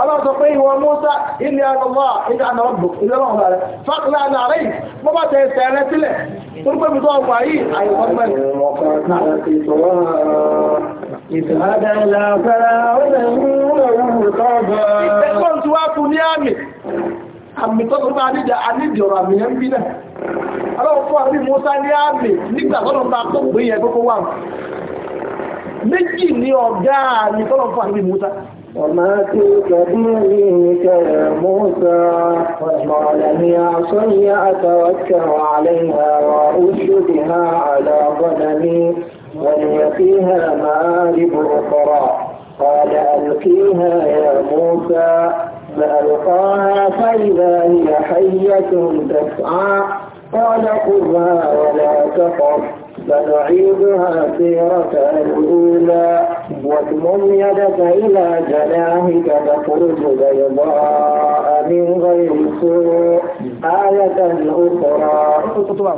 ọlọ́sọ pé ìwọ mọ́sá ilẹ̀ àgbà ilẹ̀ àgbàgbò ìlọ́wọ̀n rẹ̀ fàkìlá àdáàrẹ́ bọ́bá tẹ ẹsẹ̀ rẹ sílẹ̀ tó pẹ́ bìtọ́ ọgbà yìí àyẹ̀wọ́n mẹ́rin ìtẹ́gbọ́n tí wá fún ní àmì àmì tó tún bá níjà anídìọ̀rọ̀ àmì yẹn bí náà ọlọ́run fún àmì mọ́sá ní àmì nígbà tọ́lọ́ bá tó gbé yẹn kókó wà méjì ní ọ̀gá àmì وما تلك بيمينك يا موسى قال هي عصي أتوكل عليها واوش بها على ظلمي ولي فيها مآرب أخرى قال ألقيها يا موسى فألقاها فإذا هي حية تسعى قال قرها ولا تخف فنعيدها سيرتها الأولى واضمم يدك إلى جناحك تخرج بيضاء من غير سوء آية أخرى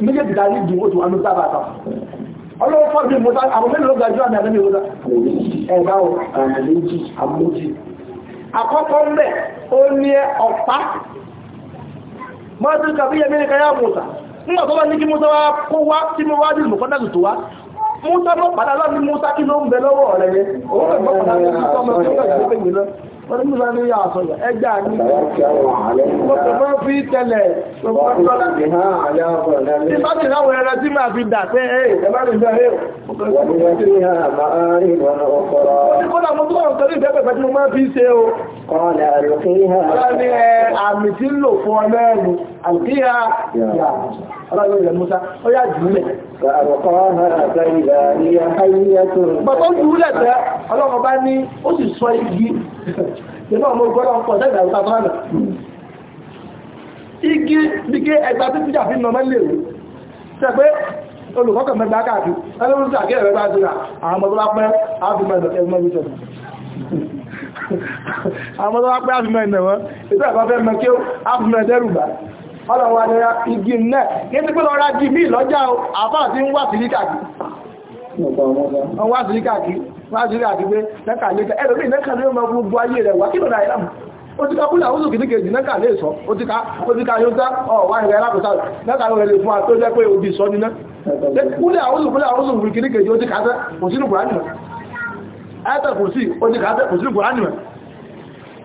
méjèèjì ta ní ìdìbò tó àmì sábà kan ọlọ́wọ́ fọ́ọ̀dù mọ́ta àwọn mẹ́lẹ̀ ló ga àmì àmì ìwọ́ta ẹ̀gbá ò àmì àkọ́kọ́ mẹ́ ó ní ọ̀pá mọ́tún kàbíyẹ mẹ́rin kan mọ́ta nígbà tó bá ní kí Musa wá kó wá tí mo wá dìlù mọ̀kọ́ dàgbù tó wá Musa mọ́ padà lọ́nà Musa kí ló ń bẹ lọ́wọ́ rẹ̀ wọ́n ní bá ní yà àsọ̀yà ẹgbà ní ọ̀pọ̀ máa fi tẹ́lẹ̀ tí bá ti ráwọ̀ ẹran tí máa fi dà pé ẹ̀ẹ́ ẹ̀bá lè fẹ́ ẹ̀ẹ́ ọ̀pọ̀lọpọ̀ mo tún ọ̀rọ̀ tẹ́lẹ̀ ìfẹ́pẹ̀pẹ̀ tí mo máa fi ṣe o kọ́lẹ̀ àrùkíhà ọlọ́run rẹ̀ musa ó yà jùlẹ̀. Àrùkọ́ àgbà ìlà ni ayé tó. Bàbá jùlẹ̀ tẹ́ ọlọ́run bá ní ó sì sọ igi. Ìgbà mo gbọ́dọ̀ ń pọ̀ sẹ́gbà ìta fún àná. Igi bí ké ẹgbà tó fíjà fi nọmọ lè rí. Sẹ́ pé olùkọ́kọ̀ mẹ́gbà káàkiri, ẹlẹ́rú sí àkẹ́rẹ́ bá ti rà, àwọn ọmọ tó bá pẹ́ á fi mẹ́rin ẹgbẹ́ mi ọlọ́wọ́ alẹ́ra igi náà ní tí pẹ́lọ ra jí bí lọ́jà àbá àti ń wà sílí kàkí wà sílí kàkí wà sílí kàkí pé lẹ́kà lẹ́kà ẹ̀rọ̀bí lẹ́kà lẹ́rọ̀ mọ́ gbogbo ayé rẹ̀ wà kí lọ́nà àìlàmù ó ti ká kúlẹ̀ àwọn òsòkè níkejì lẹ́kà lè sọ ó ti ká ó ti ká yóò sá ọ̀wà ìrẹ̀ alákòóso lẹ́kà lọ́rẹ̀ lè fún wa tó jẹ́ pé òbí sọ níná kúlẹ̀ àwọn òsòkè àwọn òsòkè níkejì ó ti ká sẹ́ kò sínú kùránì mọ̀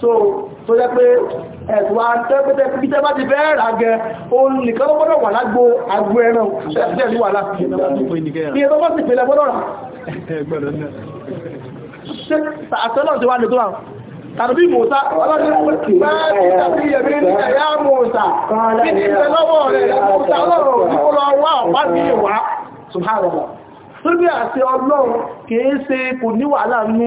so tó jẹ́ pé ẹ̀tùwà tẹ́pẹ́tẹ́ bí tẹ́ bá ti bẹ́ẹ̀ rà gẹ òun nìkan ló gbọ́dọ̀ wà lágbo agbo ẹran ṣẹ́ẹ̀ṣẹ́ ní wàhálà ní ẹ̀tọ́ bá ti pèlẹ̀ gbọ́dọ̀ rà àtẹ́lọ̀ ti wá lè tó àwọn tàbí mọ́ta ọlọ́run Tóbi àti ọlọ́run kìí ṣe kò ní wàhálà ní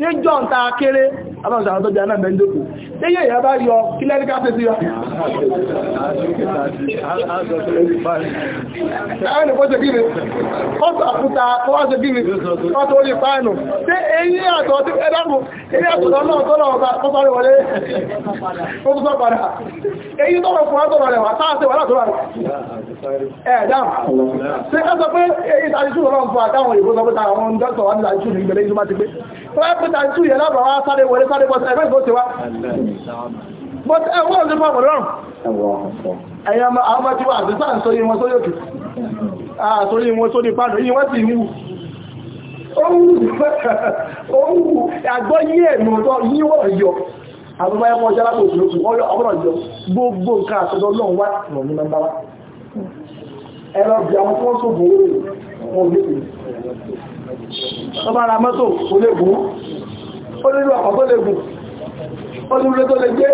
níjọ́ ń ta kéré abáwọn sàrọ̀ tó jẹ́ náà bẹ́ńdòkù Téyé ìyá bá yọ kí lẹ́ríká fẹ́ sí rẹ̀. Ẹni kó ṣe kí ni? Ó sàkúta kọ́ wá ṣe kí ni? Wọ́n tó lè páànù. Ṣé èyí àtọ̀ tí ẹ̀dàkùn, èyí àtọ̀ náà tọ́lọ̀ ọba kó sáré wọlé. Ó tún sọ padà. Èyí tọ́lọ̀ fún àtọ̀rọ̀ rẹ̀ wà táà sí wà látọ̀rọ̀ rẹ̀. Ẹ̀dàm. Ṣé ká sọ pé èyí tàbíṣù ọlọ́run fún àtàwọn ìbò sọ pé tàwọn ọmọ dọ́kítọ̀ wà ní tàbíṣù ní ìgbẹ̀lẹ́ ìjọba ti pé. Wọ́n pẹ́ tàbíṣù yẹ lábàá wá sáré wọlé sáré bọ́ but ẹwọ́ ọ̀sẹ̀ fún ọ̀rọ̀rùn ẹ̀yà àwọn bá ti wà àti sáà sórí wọn sórí òkè àtórí wọn sórí pàdé yí wọ́n sì ń wù ohun [LAUGHS] àgbọ́ yí ẹ̀nù ọ̀tọ́ yí wọ́n yọ àbúgbà ẹ̀kọ́ ọjọ́ lápò òṣèlú ọ̀rọ̀ yọ gbogbo nǹkan àtọ́jọ́ lọ́n wá rọ̀ ní nọ́mbà wá ẹ̀rọ bí àwọn tí wọ́n tó bòó rẹ̀ mọ́tò kò lè ọ̀pọ̀ lè gùn olùrẹ́ tó lè jẹ́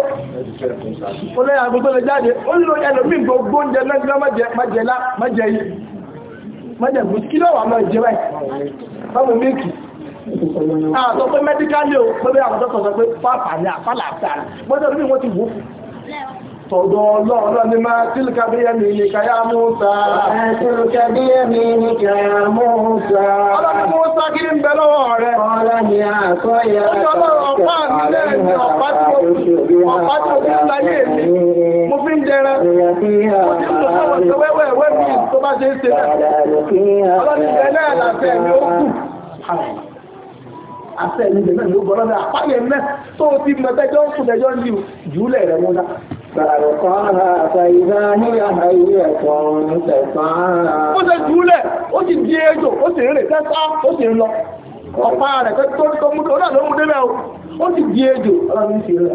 olóyàgbó tó lè jáde olùrẹ́ ẹlòmí gbogbo oúnjẹ lẹ́gbẹ́ májẹ̀lá májẹ̀ yìí májẹ̀ gbogbo kí lọ́wọ́ àmọ́ ìjẹ́ báyìí báwo mílìkì àtọ́ pé mẹ́díkálì ò pé bí àwọn tó sọ pé fáfà ní àfálà àfẹ́ àrà gbọ́dọ̀ bí wọ́n ti wò Tọ̀dọ̀ ọlọ́ọ̀lọ́ ni máa tílùkà bí ẹ̀mì ìlìkà yá Mùsá. Tílùkà bí ẹ̀mì ìlìkà yá Mùsá. Ọlọ́ni Mùsá kí ń bẹ lọ́wọ́ rẹ̀. Ọlọ́ni àkọ́ yà tọ́tọ̀ ọ̀pá mi lẹ́ẹ̀ni ọ̀pá tí ó fi ń láyé mi. Mo fi ń jẹran. Mo ti ń lọ sọ́wọ́ sọ wẹ́wẹ́wẹ́ mi tó bá ṣe ń ṣe náà. Ọlọ́ni bẹ̀ náà làfẹ́ mi ó kù àṣẹ ìlú ìgbẹ̀mẹ̀ ló gbọ́lọ́dà àpáyẹ̀ mẹ́ tó ti mọ̀tẹ́jọ́ ń kùnẹjọ́ ń lù jùúlẹ̀ rẹ̀ mọ́dá فألقاها فإذا هي حية تسعى ó ṣe jùúlẹ̀ ó sì di ejò ó sì rìn tẹ́sà ó sì lọ ọ̀pá rẹ̀ tó tó tó mú náà ló mú débẹ̀ o ó sì di ejò ọlọ́run sì rìn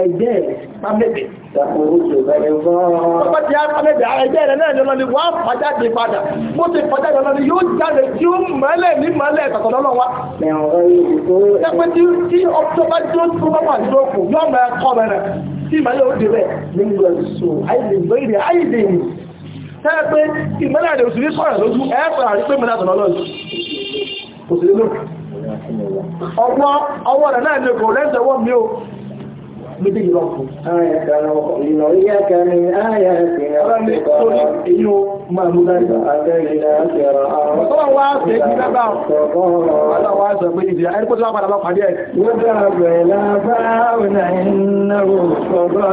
ẹ̀jẹ̀ pàmẹ́bẹ̀. Ọba ti á pàmẹ́bẹ̀ ẹ̀jẹ̀ rẹ̀ náà lọ́nà ni wọ́n á fàjáde padà. Bó ti fàjáde lọ́nà ni yóò jáde tí ó mọ́lẹ̀ ní mọ́lẹ̀ tọ̀tọ̀ lọ́nà wa. Ẹgbẹ́ tí tí ọjọ́ bá dúró tó bá wà ní òkú yóò mọ ẹ̀kọ́ mẹ́rẹ̀ tí mọ́lẹ̀ ó di rẹ̀. Nígbà so, àìsè ìgbéyìí àìsè ìlú. Sẹ́yìn pé ìmọ́lẹ̀ rẹ̀ òṣèré sọ̀rọ̀ lójú ẹ̀ẹ́fẹ̀ àrípé mọ́lẹ̀ àtọ̀nà lọ́jọ́. Òṣèré lójú. Ọwọ́ ọwọ́ rẹ̀ náà ni kò rẹ́ méjèèjì lọ fún. ìlọ yíyá kẹrin ayé ẹsẹ̀ ọ̀rẹ́ lórí èyí ó máa mú dárí. ọ̀sán wa ṣe ti lábà ọ̀sán wa sọ pé ìdí ẹni kó tó wá padà lọ pàdé ẹ̀. wọ́n dá bẹ̀rẹ̀ báwọn náà ń náwó sọ̀rọ̀.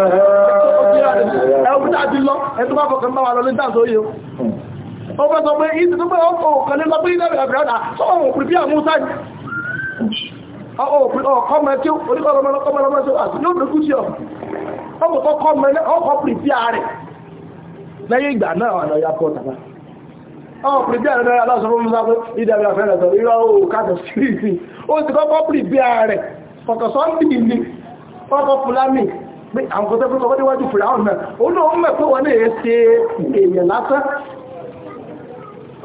ẹ̀ ọ̀pọ̀ tá a ti lọ ẹ̀ tó bá fọkàn bá wa lọ ní dáàsó yìí ó bá sọ pé ìsìn tó bá ọkọ̀ òkànlélọ́pẹ́ ìdábẹ̀rẹ̀ bẹ̀rẹ̀ ọkọ̀mẹ́kí oníkọ̀ọ́lọ́mọ́lọ́kọ́mọ́lọ́mọ́sọ́ àti yóò dókú sí ọ ọkọ̀ kọ́mẹ́ ọkọ̀ pìrìtì ààrẹ lẹ́yìn ìgbà náà ọ̀nà ìyàpọ̀ tàbá ọkọ̀ pìrìtì ààrẹ náà aláṣọ́ fún musa pé ìdàbíà fẹ́rẹ̀ sọ irọ́ òun káàtọ̀ síríìsì ó ti kọ́kọ́ pìrìtì ààrẹ ọkọ̀ sọ́ndì ni ọkọ̀ fúlàmì pé àwọn kọ́tẹ́kọ́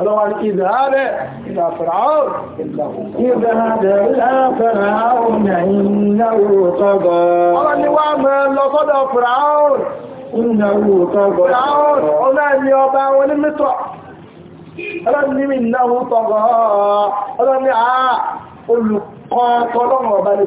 ọlọ́wọ́n ìdáàbẹ̀ ìlà fìràún ìdáàbẹ̀ ìlà fìràún ìnáwó tọ́gọ̀ ọlọ́wọ́n ni wá mẹ́ lọ sọ́dọ̀ fìràún ìnáwó tọ́gọ̀ fìràún ọlọ́wọ́n ni ọba wọn ní mítọ̀ ọlọ́wọ́n ni ìnáwó tọ́gọ̀ ọlọ́wọ́n ni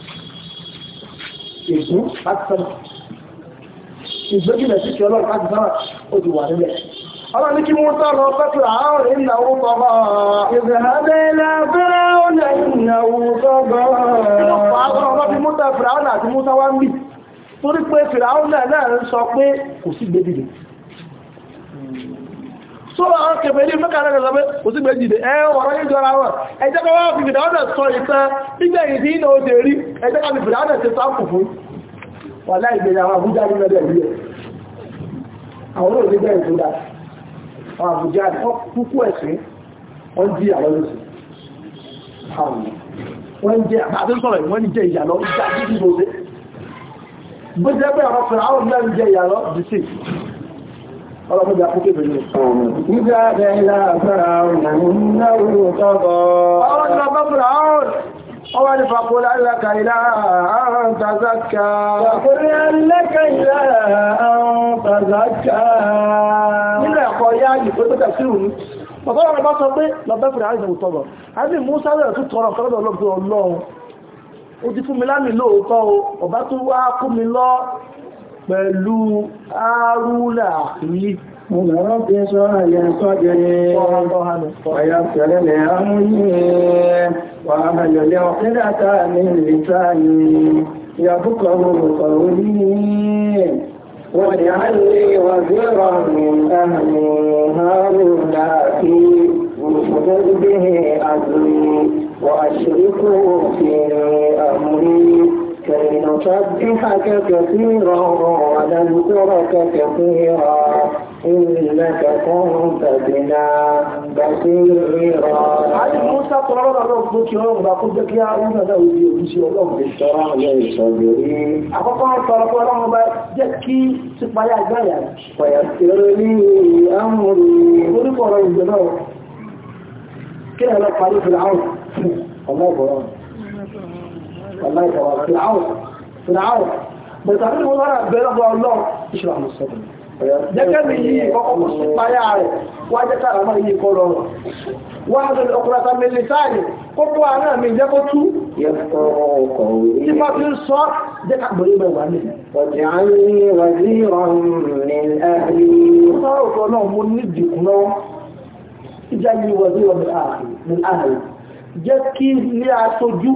èso láti sọ́nà ìgbéjìlẹ̀ sí kí ọlọ́run láti sọ́nà ó ti wà nílẹ̀ ọlọ́run ní kí wọ́n sá lọ sọ́kìlà àárọ̀ ìlà owó tọ́gbà ìgbẹ̀hàbẹ́ ilẹ̀ abẹ́rẹ́ ọ̀nà ìlà owó tọ́gbà torí pé fìràún náà náà ń sọ pé kò sí gbèdìdì sọ́rọ̀ àwọn kẹfẹ́ ní mẹ́kànlá ẹ̀lẹ́gbẹ́ òsìgbẹ́ jìdẹ̀ ẹwọ̀n ọ̀rọ̀ ìjọra wọn ẹjẹ́ kọ́ wọ́n fi fìdáwọ́dẹ̀ sọ ìtàn nígbẹ̀ ìdí ìnà òjè rí ẹjẹ́ kọ́ fi fìdáwọ́dẹ̀ ṣe sáàpù fún wà láìgbẹ̀rẹ̀ àwọn àbújá ní mẹ́rẹ̀ rí ẹ̀ àwọn olóògbé ìtúdá àwọn àbújá kúkú ẹ̀sìn wọ́n jí àwọn olóòsì wọ́n jẹ́ àbájọ́ sọ̀rọ̀ ìwọ́n jẹ́ ìyàlọ́ ìjà ọlọ́mọdé akúkébè ní ìgbà bẹ̀lá fẹ́ra ọ̀nà nínú ọ̀tọ́gọ́ ọlọ́dún ọgbọ́ fẹ́ra ọwọ́ ni fàkúrò aláka ilá àrùn tàzákà fàkúrò aláka ilá àrùn tàzákà nínú ẹ̀kọ́ yá ìgbó tó tẹ̀síwù ní ọ̀tọ́ ọ̀rọ̀ bá sọ pé lọ́bẹ́ fẹ́ra ọ̀nà tọ̀rọ̀ àti musa rẹ̀ tún tọrọ kọ́lọ́dọ̀ ọlọ́gbẹ́ ọlọ́run ó ti fún mi lámì lóòótọ́ pẹ̀lú àrúlà yìí Ọ̀nà bí sọ àyẹ̀ sọ́jẹ́ ní ọ̀yàtẹ̀lẹ̀ ní àmúyẹ̀ wà àmàlẹ̀lẹ̀ ọ̀pẹ́dàtà ní ìlìtàní yàbúkọ̀ orúkọ̀ orí wọ́n ni a lè wà zíra ní àmì àrùn láti وخذ به أمري وأشركه في كي نسبحك كثيرا ونذكرك كثيرا إنك كنت بنا بصيرا علي موسى قرر الرب كيوم بقول لك يا أمة داودي وبيشي الله بالشرع للصابرين أخوكم الطرف ولهم جكي سبايا جايا فيسر لي أمري قولي قرر الجنوب كده لا تعريف العون الله قرر والله يتوارى فرعون فرعون بيتعلم هو أنا بيرضى الله اشرح له الصدر ذكر لي فقط طيارة وذكر ما هي كورونا واحد الأخرى من لساني قلت أنا من جبته يفقهوا قولي صفة الصوت ذكر بريبة وعليه واجعلني وزيرا من أهلي صوت كلهم من ندك اجعلني وزيرا من أهلي من أهلي جكي لي أسجو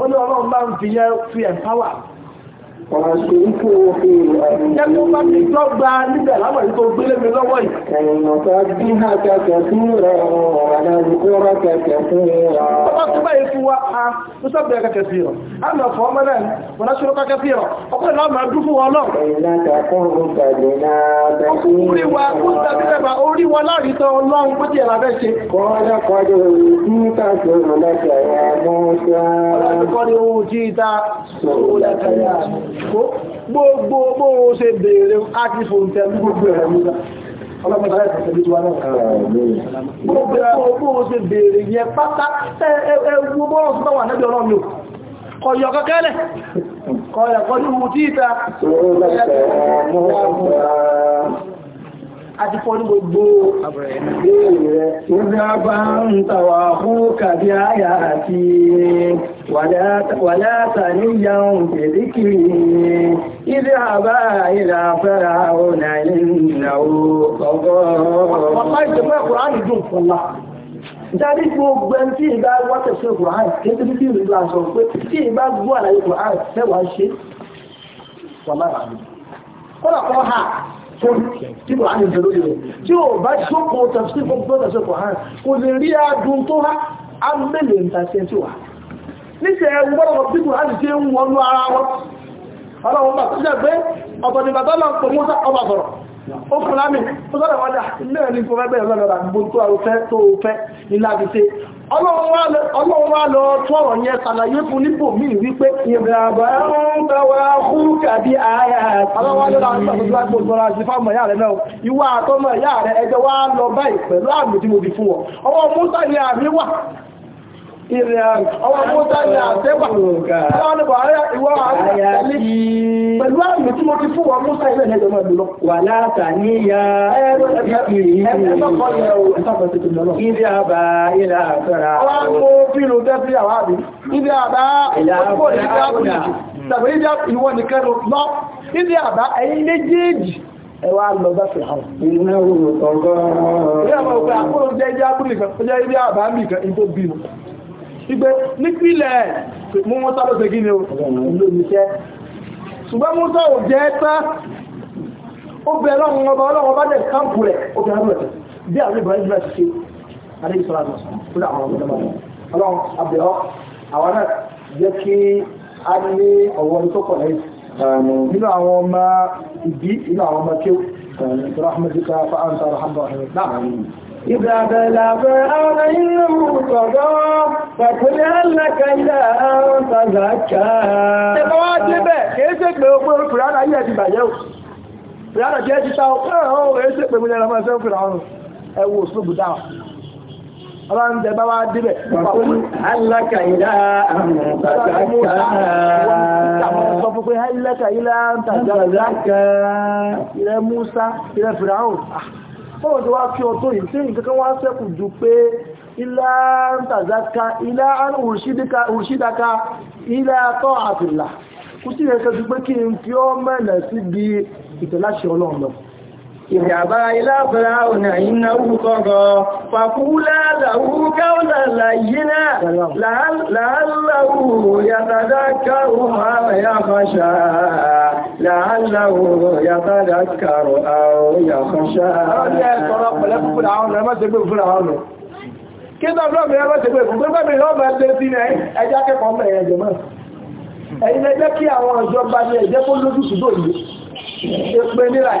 ó ní ọlọ́run bá ń fi yẹ́ fi empower Jẹ́kú bá ti O níbẹ̀ láwọn èyí tó gbélé mi lọ́wọ́ yìí. Ẹ̀yìnà ká bí ha kẹ̀kẹ́ sí rẹ̀ ọ̀rọ̀ ìkúrọ̀ kẹ̀kẹ́ sí rẹ̀. Ọkọ̀ tí báyìí fún wa a ń sọ́bẹ̀ kẹ̀kẹ́ sí rọ̀. A nà fọ́ mọ́ náà, wọ́n náà ṣúrọ́ kẹ̀kẹ́ sí rọ̀. Ọkọ̀ ìlọ́ máa dún fún wọn lọ. Ẹ̀yìnà kẹ̀kọ́ ń tẹ̀lé náà bẹ́ẹ̀ sí. Ọkùnrin wa kú tàbí lẹ́bàá orí wọn láàrín tán ọlọ́run bó ti ẹ̀rà bẹ́ẹ̀ ṣe. Kọ́lá kọjú ìlú tàbí ọ̀rọ̀ lẹ́kẹ̀ẹ́ mọ́ sí ara. Ọlọ́run kọ́ ni ó jí ìta. Sọ̀rọ̀ lẹ́kẹ̀ẹ́ kó gbogbo bóò ṣe bèèrè áti fòǹtẹ̀ gbogbo ẹ̀rẹ̀ múlá ah, Gbogbo ṣe bèèrè yẹn pátá ẹgbogbo bọ́rọ̀ tó wà náà bí ọlọ́mí ò. Kọ̀yọ̀ kọ́kẹ́lẹ̀, kọ̀yọ̀ kọ́ ní ohun tí ìta àti fọ́ ní gbogbo ìbéèrè rẹ̀. Ìgbà bá ń tàwà fún kàbí àyà àti wàlá tàníyàn pèdíkìrì ìdí àbá ìlà fẹ́ra ọ̀nà ìnáwó ọgọ́. Ọ̀pá ìjọba Kùránì dùn fún wa. Dárí gbogbo ẹni tí ìbá wọ́tẹ̀ sí Kùránì, kí tí tí ìlú ìlú àṣọ pé tí ìbá gbọ́ àlàyé Kùránì fẹ́wàá ṣe, wà máa rà ha, tí kò hàn ìṣẹ́ lórí rẹ̀ tí ò bá ṣókò tàbí gbogbo tàṣẹ́kò hàn kò lè rí adùn tó há amẹ́lẹ̀ ìtàṣẹ́ tí wà níṣẹ́ ẹgbọ́rọ̀ tí kò hàn ṣe ń wọnú ara wọn ọlọ́wọ́n bá tó jẹ́ pé ọ̀tọ̀ ó fún lámì tó sọ́dọ̀ wọ́n dà ilé tó àrùfẹ́ tó nílá fi ṣe ọlọ́run wá lọ yẹn fún nípò míì wípé ń bẹ̀wẹ̀ ìrìn àrùn ọwọ́ mọ́ta ní àtẹ́gbà láwọn buhari ìwọ́ àrùn pẹ̀lú àmì tí mo ti fún wọn mọ́ta ilẹ̀ ẹ̀jọ̀ máa lọ wà láta ní ya ìdí àbá ilẹ̀ àtọ́ra wọ́n mú fílù tẹ́fí àwọn àbí ìdí àbá ìwọ̀n nìkan lọ ìdí àbá ẹ̀yìn méjèèjì ẹwà lọ bá fi hàn. Iná òwò tọ̀gọ́. Ilé àwọn òpin àkóhùn jẹ́ jẹ́ àbúrò ìfẹ́ jẹ́ ilé àbá mìkan ìbò bímọ ìgbé nípìlẹ̀ mú wọ́n sá lọ́sẹ̀ gíní o lóníṣẹ́ ṣùgbọ́n mú sá ò jẹ́ tán ó bẹ lọ́wọ́n ọba ọlọ́wọ́ bá dẹ̀ káàpù rẹ̀ ó bẹ àrùn rẹ̀ bí àwọn ìbọn ìbọn ti ṣe adéyí sọ́ra lọ tó dà àwọn ọmọdé ọlọ́run àbẹ̀ọ́ àwọn náà jẹ́ kí a ní ọ̀wọ́ tó pọ̀ lẹ́yìn nínú إذا بلغ أعينه صدى فقل هل لك إلى أن تزكى Ẹgbẹ́wàtíbẹ̀ kìí ṣe pé ó pẹ́rù Fìránà yìí ẹ̀dì bàjẹ́ ò. Fìránà jẹ́ ti ta ọ̀pẹ́ ọ̀rọ̀ rẹ̀ ṣe pé mú lẹ́rọ mọ́ ẹ̀sẹ́ Fìránà ẹwọ òṣùgbù dáa. Ọlọ́run jẹ bá wá débẹ̀. Fàkúrú aláka ìlà àmọ̀ tàbí fọ́nà tó wá fi ọ̀tọ́ yìí tí nǹkan wá sẹ́kù jù pé ilá ń tàzáka ilá ń òṣìdáka ilá tọ́ àtìlà kú sí ẹ̀kẹ́ jù pé kí n fi ọ mẹ́lẹ̀ sí bí ìtẹ̀láṣẹ́ ọlọ́run ìyàbá ilá fìràúnà iná òkọ̀rọ̀ fàkúlá làwú káwùlà láyínà láàláwù yàtàdákàrù àwọn yàfàṣà láàláwù yàtàdákàrù àwọn yàfàṣà Kí náà lọ́bìnrin ọmọ ṣe pé fún pé bẹ́bìnrin ọmọ ẹgbẹ́ sí ẹjá kẹ́kọ̀ọ́ mẹ́rin ẹjọ́ mọ́. Ẹ̀yin ẹjẹ́ kí àwọn ọjọ́ bá ní ẹjẹ́ kó lójú ṣùgbò yìí, èpè nílàí.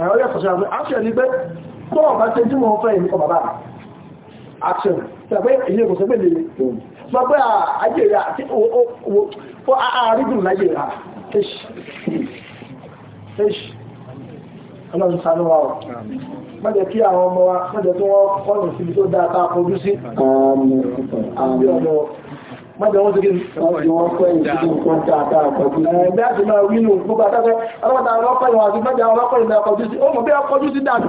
ẹ̀rọ yẹ́ kọ̀ṣẹ́ àwọn aṣẹ́ ní pé tọ́ ọ̀bá tẹ́ tí wọ́n fẹ́ ìlú kọ bàbá aṣẹ́ tẹ́gbẹ́ ìyẹ́ kò sẹ́gbẹ́ lè sọ pé àjẹ́rẹ́ àti ó àárígùn lájẹ́rẹ́ ẹ̀ṣì ọlọ́run sanú wa ọ̀ mọ́jẹ̀ kí àwọn ọmọ wa mọ́jẹ̀ tí wọ́n kọ́ mọ́bí wọ́n sígí ìwọ̀n pẹ́ ìdíjú kan dáadáa pẹ̀lú ẹgbẹ́ àti máa wínú gbogbo àtàkẹ́ ọlọ́pàá ọlọ́pàá ìwọ̀n àti mẹ́jà ọlọ́pàá ìwọ̀n àkọjú sí ó mọ̀ bí ọkọjú sí dáadù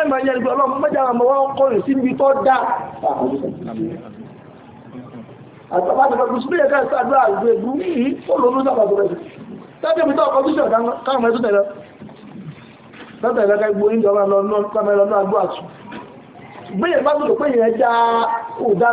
ẹmọ̀ yẹ́ ìgbẹ́ ọlọ́pàá mẹ́jà ọmọ wọn kọrin sí ibi tó dá àtàbátàbátà sí ẹ̀kẹ́ ìsàdúrà ìgbẹ̀gbù yìí ó lóòrùn sábàtà rẹ̀ tẹ́jẹ́ mi ọkọ̀ jíṣẹ̀ káàmù ẹ̀tún tẹ̀lẹ̀ ìjọba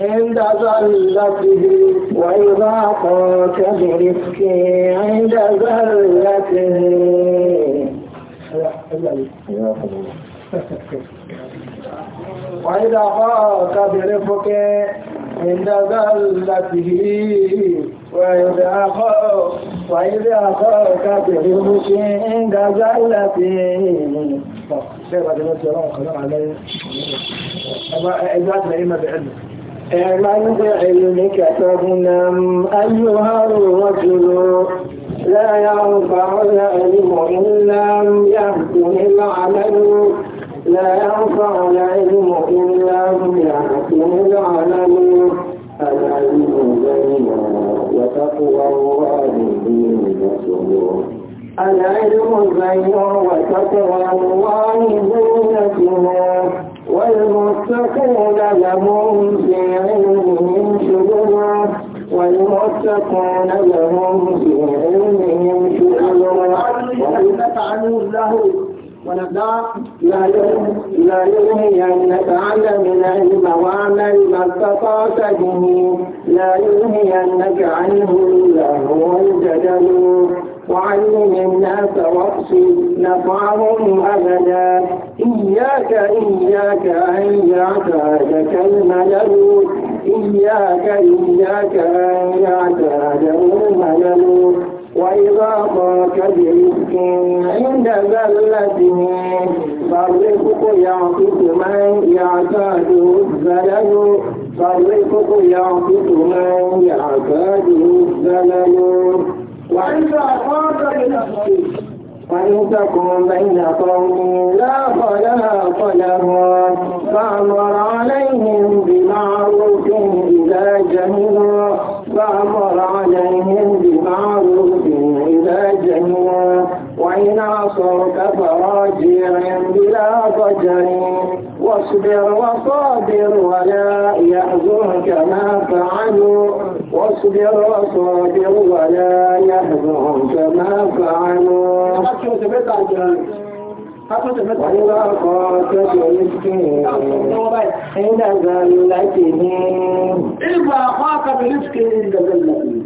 عند ظلته وإذا قاك برفك عند ظلته وإذا قاك برفك عند ظلته وإذا قاك وإذا قاك برفك عند ظلته شيخ عبد الله عليه أبا إذا أتنا إما بعلمك اعمل بعلمك تغنم أيها الرجل لا ينفع العلم إن لم يهده العمل لا ينفع العلم إن لم يهده العمل العلم بينا وتقوى الله دين الرسول العلم بينا وتقوى الله دينته والمتقون لهم لا لهم أنك علمهم من وإنك عنه لا يلهينك عن العلم واعمل ما استطعت به لا يلهينك عنه الا هو الجدل وعلم الناس واقصد نفعهم ابدا اياك اياك ان يعتادك الملل إياك إياك أن يعتادون ملل وإذا ضاك برزق عند زلته فالرفق يعطف من يعتاد الزلل فالرفق يعطف من يعتاد الزلل وإذا ضاك برزق وإن تكن بين قوم لا خلاق لهم فأمر عليهم بمعروف إذا جهلوا فأمر عليهم عيناص كفراجيع بلا ضجر واصبر وصابر ولا يحزنك ما فعلوا واصبر وصابر ولا يحزنك ما فعلوا وإذا قاتل مسكين عند ذلته إذا أخاك برزق عند ذلته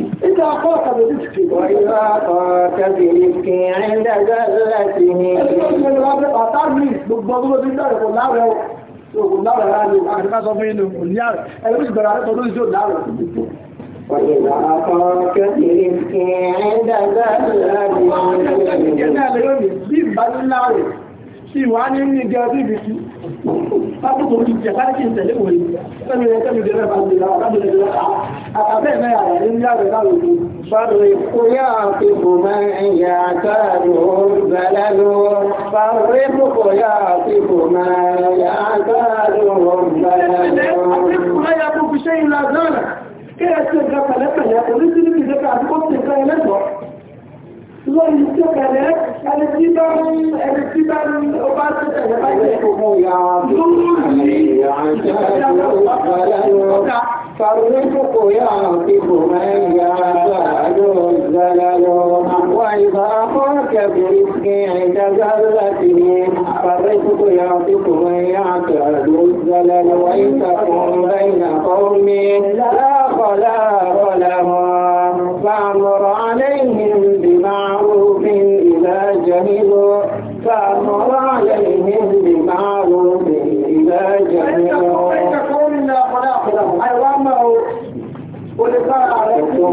إذا أخاك برزق وإذا أخاك برزق عند زلته من رابط أطرني بالضرورة بالدرجة والله لو والله لو أخذ صفين والنيار أنا مش برعب أقول زود لا وإذا أخاك برزق عند زلته ìwà ní ní gẹ́gẹ́ bí ibi orí jẹ láti ìtẹ̀lé wòye tẹ́lẹ̀ rẹ̀ tẹ́lẹ̀ rẹ̀ bá gbèrà lábẹ̀rẹ̀ rẹ̀ àtàbẹ̀ mẹ́ra rẹ̀ ní yàrá rẹ̀ lòdù. Fàrí kúyà fi bùmọ̀ ẹ̀yà káàdù bẹ̀rẹ̀ lọ. Fàrí kúyà fi bùmọ̀ ẹ̀yà káàdù bẹ̀rẹ̀ lọ. Àti kúyà kò fi Wọ́n yìí tó kẹ̀lẹ́, ẹni tí bá ń ẹni tí bá ń ọba tó tẹ̀lẹ́ bá jẹ́ ọmọ ìyá àjọ́ فارزقك يعطف من يعتاد الزلل وإذا أخاك برزق عند زلته فالرزق يعطف من يعتاد الزلل وإن تكن بين قوم لا خلاق لهم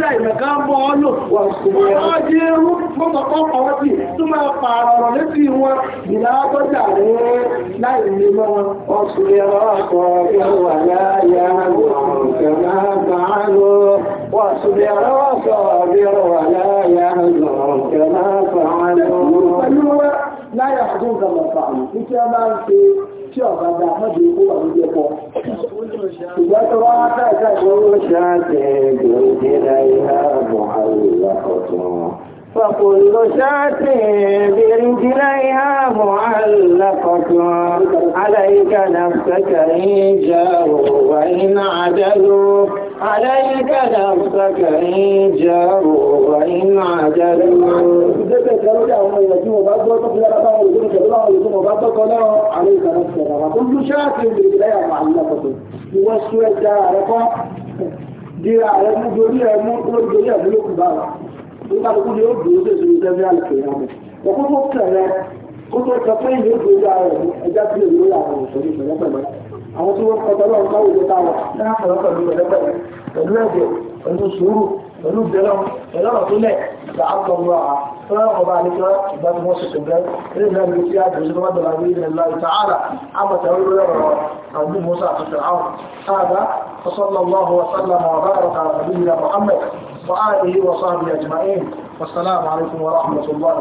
tí àìmọ̀ká ń bọ́ ọ́ lò wà ó jẹ́ irú mọ́tọ̀kọ́ ọ̀rọ̀ sí tó máa pààrọ̀ ọ̀rọ̀ létí wọn ìlà tọ́jà ní láì ní mọ́ ọ̀sùn ẹ̀rọ ọkọ̀ kí a máa ń ṣe tí ọ̀gá gba mọ́jú ikú wà lójú ẹ̀kọ́. Ìgbà tó wá káàkà ìgbòho ṣáàtẹ̀ gbòdì láìhá àbọ̀ àwòrán ọ̀tún. فكل شاة برجليها معلقة عليك نفسك إن عليك نفسك إن جاروا وإن عجلوا كل شاكر بالبداية معلقة يوسوى الدارقة دير على المجورية المجورية بلوك بارا يقال كل يوم بيوزيز ويزيز على القيامة وكل مبتلة كل تفايل يوزيز على الجاتل الولاء على المصريف àwọn tí wọ́n kọjá lọ́wọ́ láwùjọ ló táwọn láàpọ̀ pẹ̀lú ẹ̀lẹ́pẹ̀lẹ́ pẹ̀lú ẹ̀jẹ̀ pẹ̀lú sùúrù pẹ̀lú bẹ̀rẹ̀ pẹ̀lú ọ̀rọ̀ tó lẹ̀ gba àtọ̀wọ́ à fẹ́rẹ́ ọba àlejò ìgbà tí wọ́n ṣe tó bẹ́ẹ̀ eré ìlànà ìlú tí a jẹ́ sí lọ́wọ́ dọ̀là ní ilẹ̀ láì tààrà àmọ̀tà orí ọ̀rọ̀ àbú musa àti fir'aun sáàdá وصلى الله وسلم وبارك على نبينا محمد وآله وصحبه أجمعين والسلام عليكم ورحمة الله وبركاته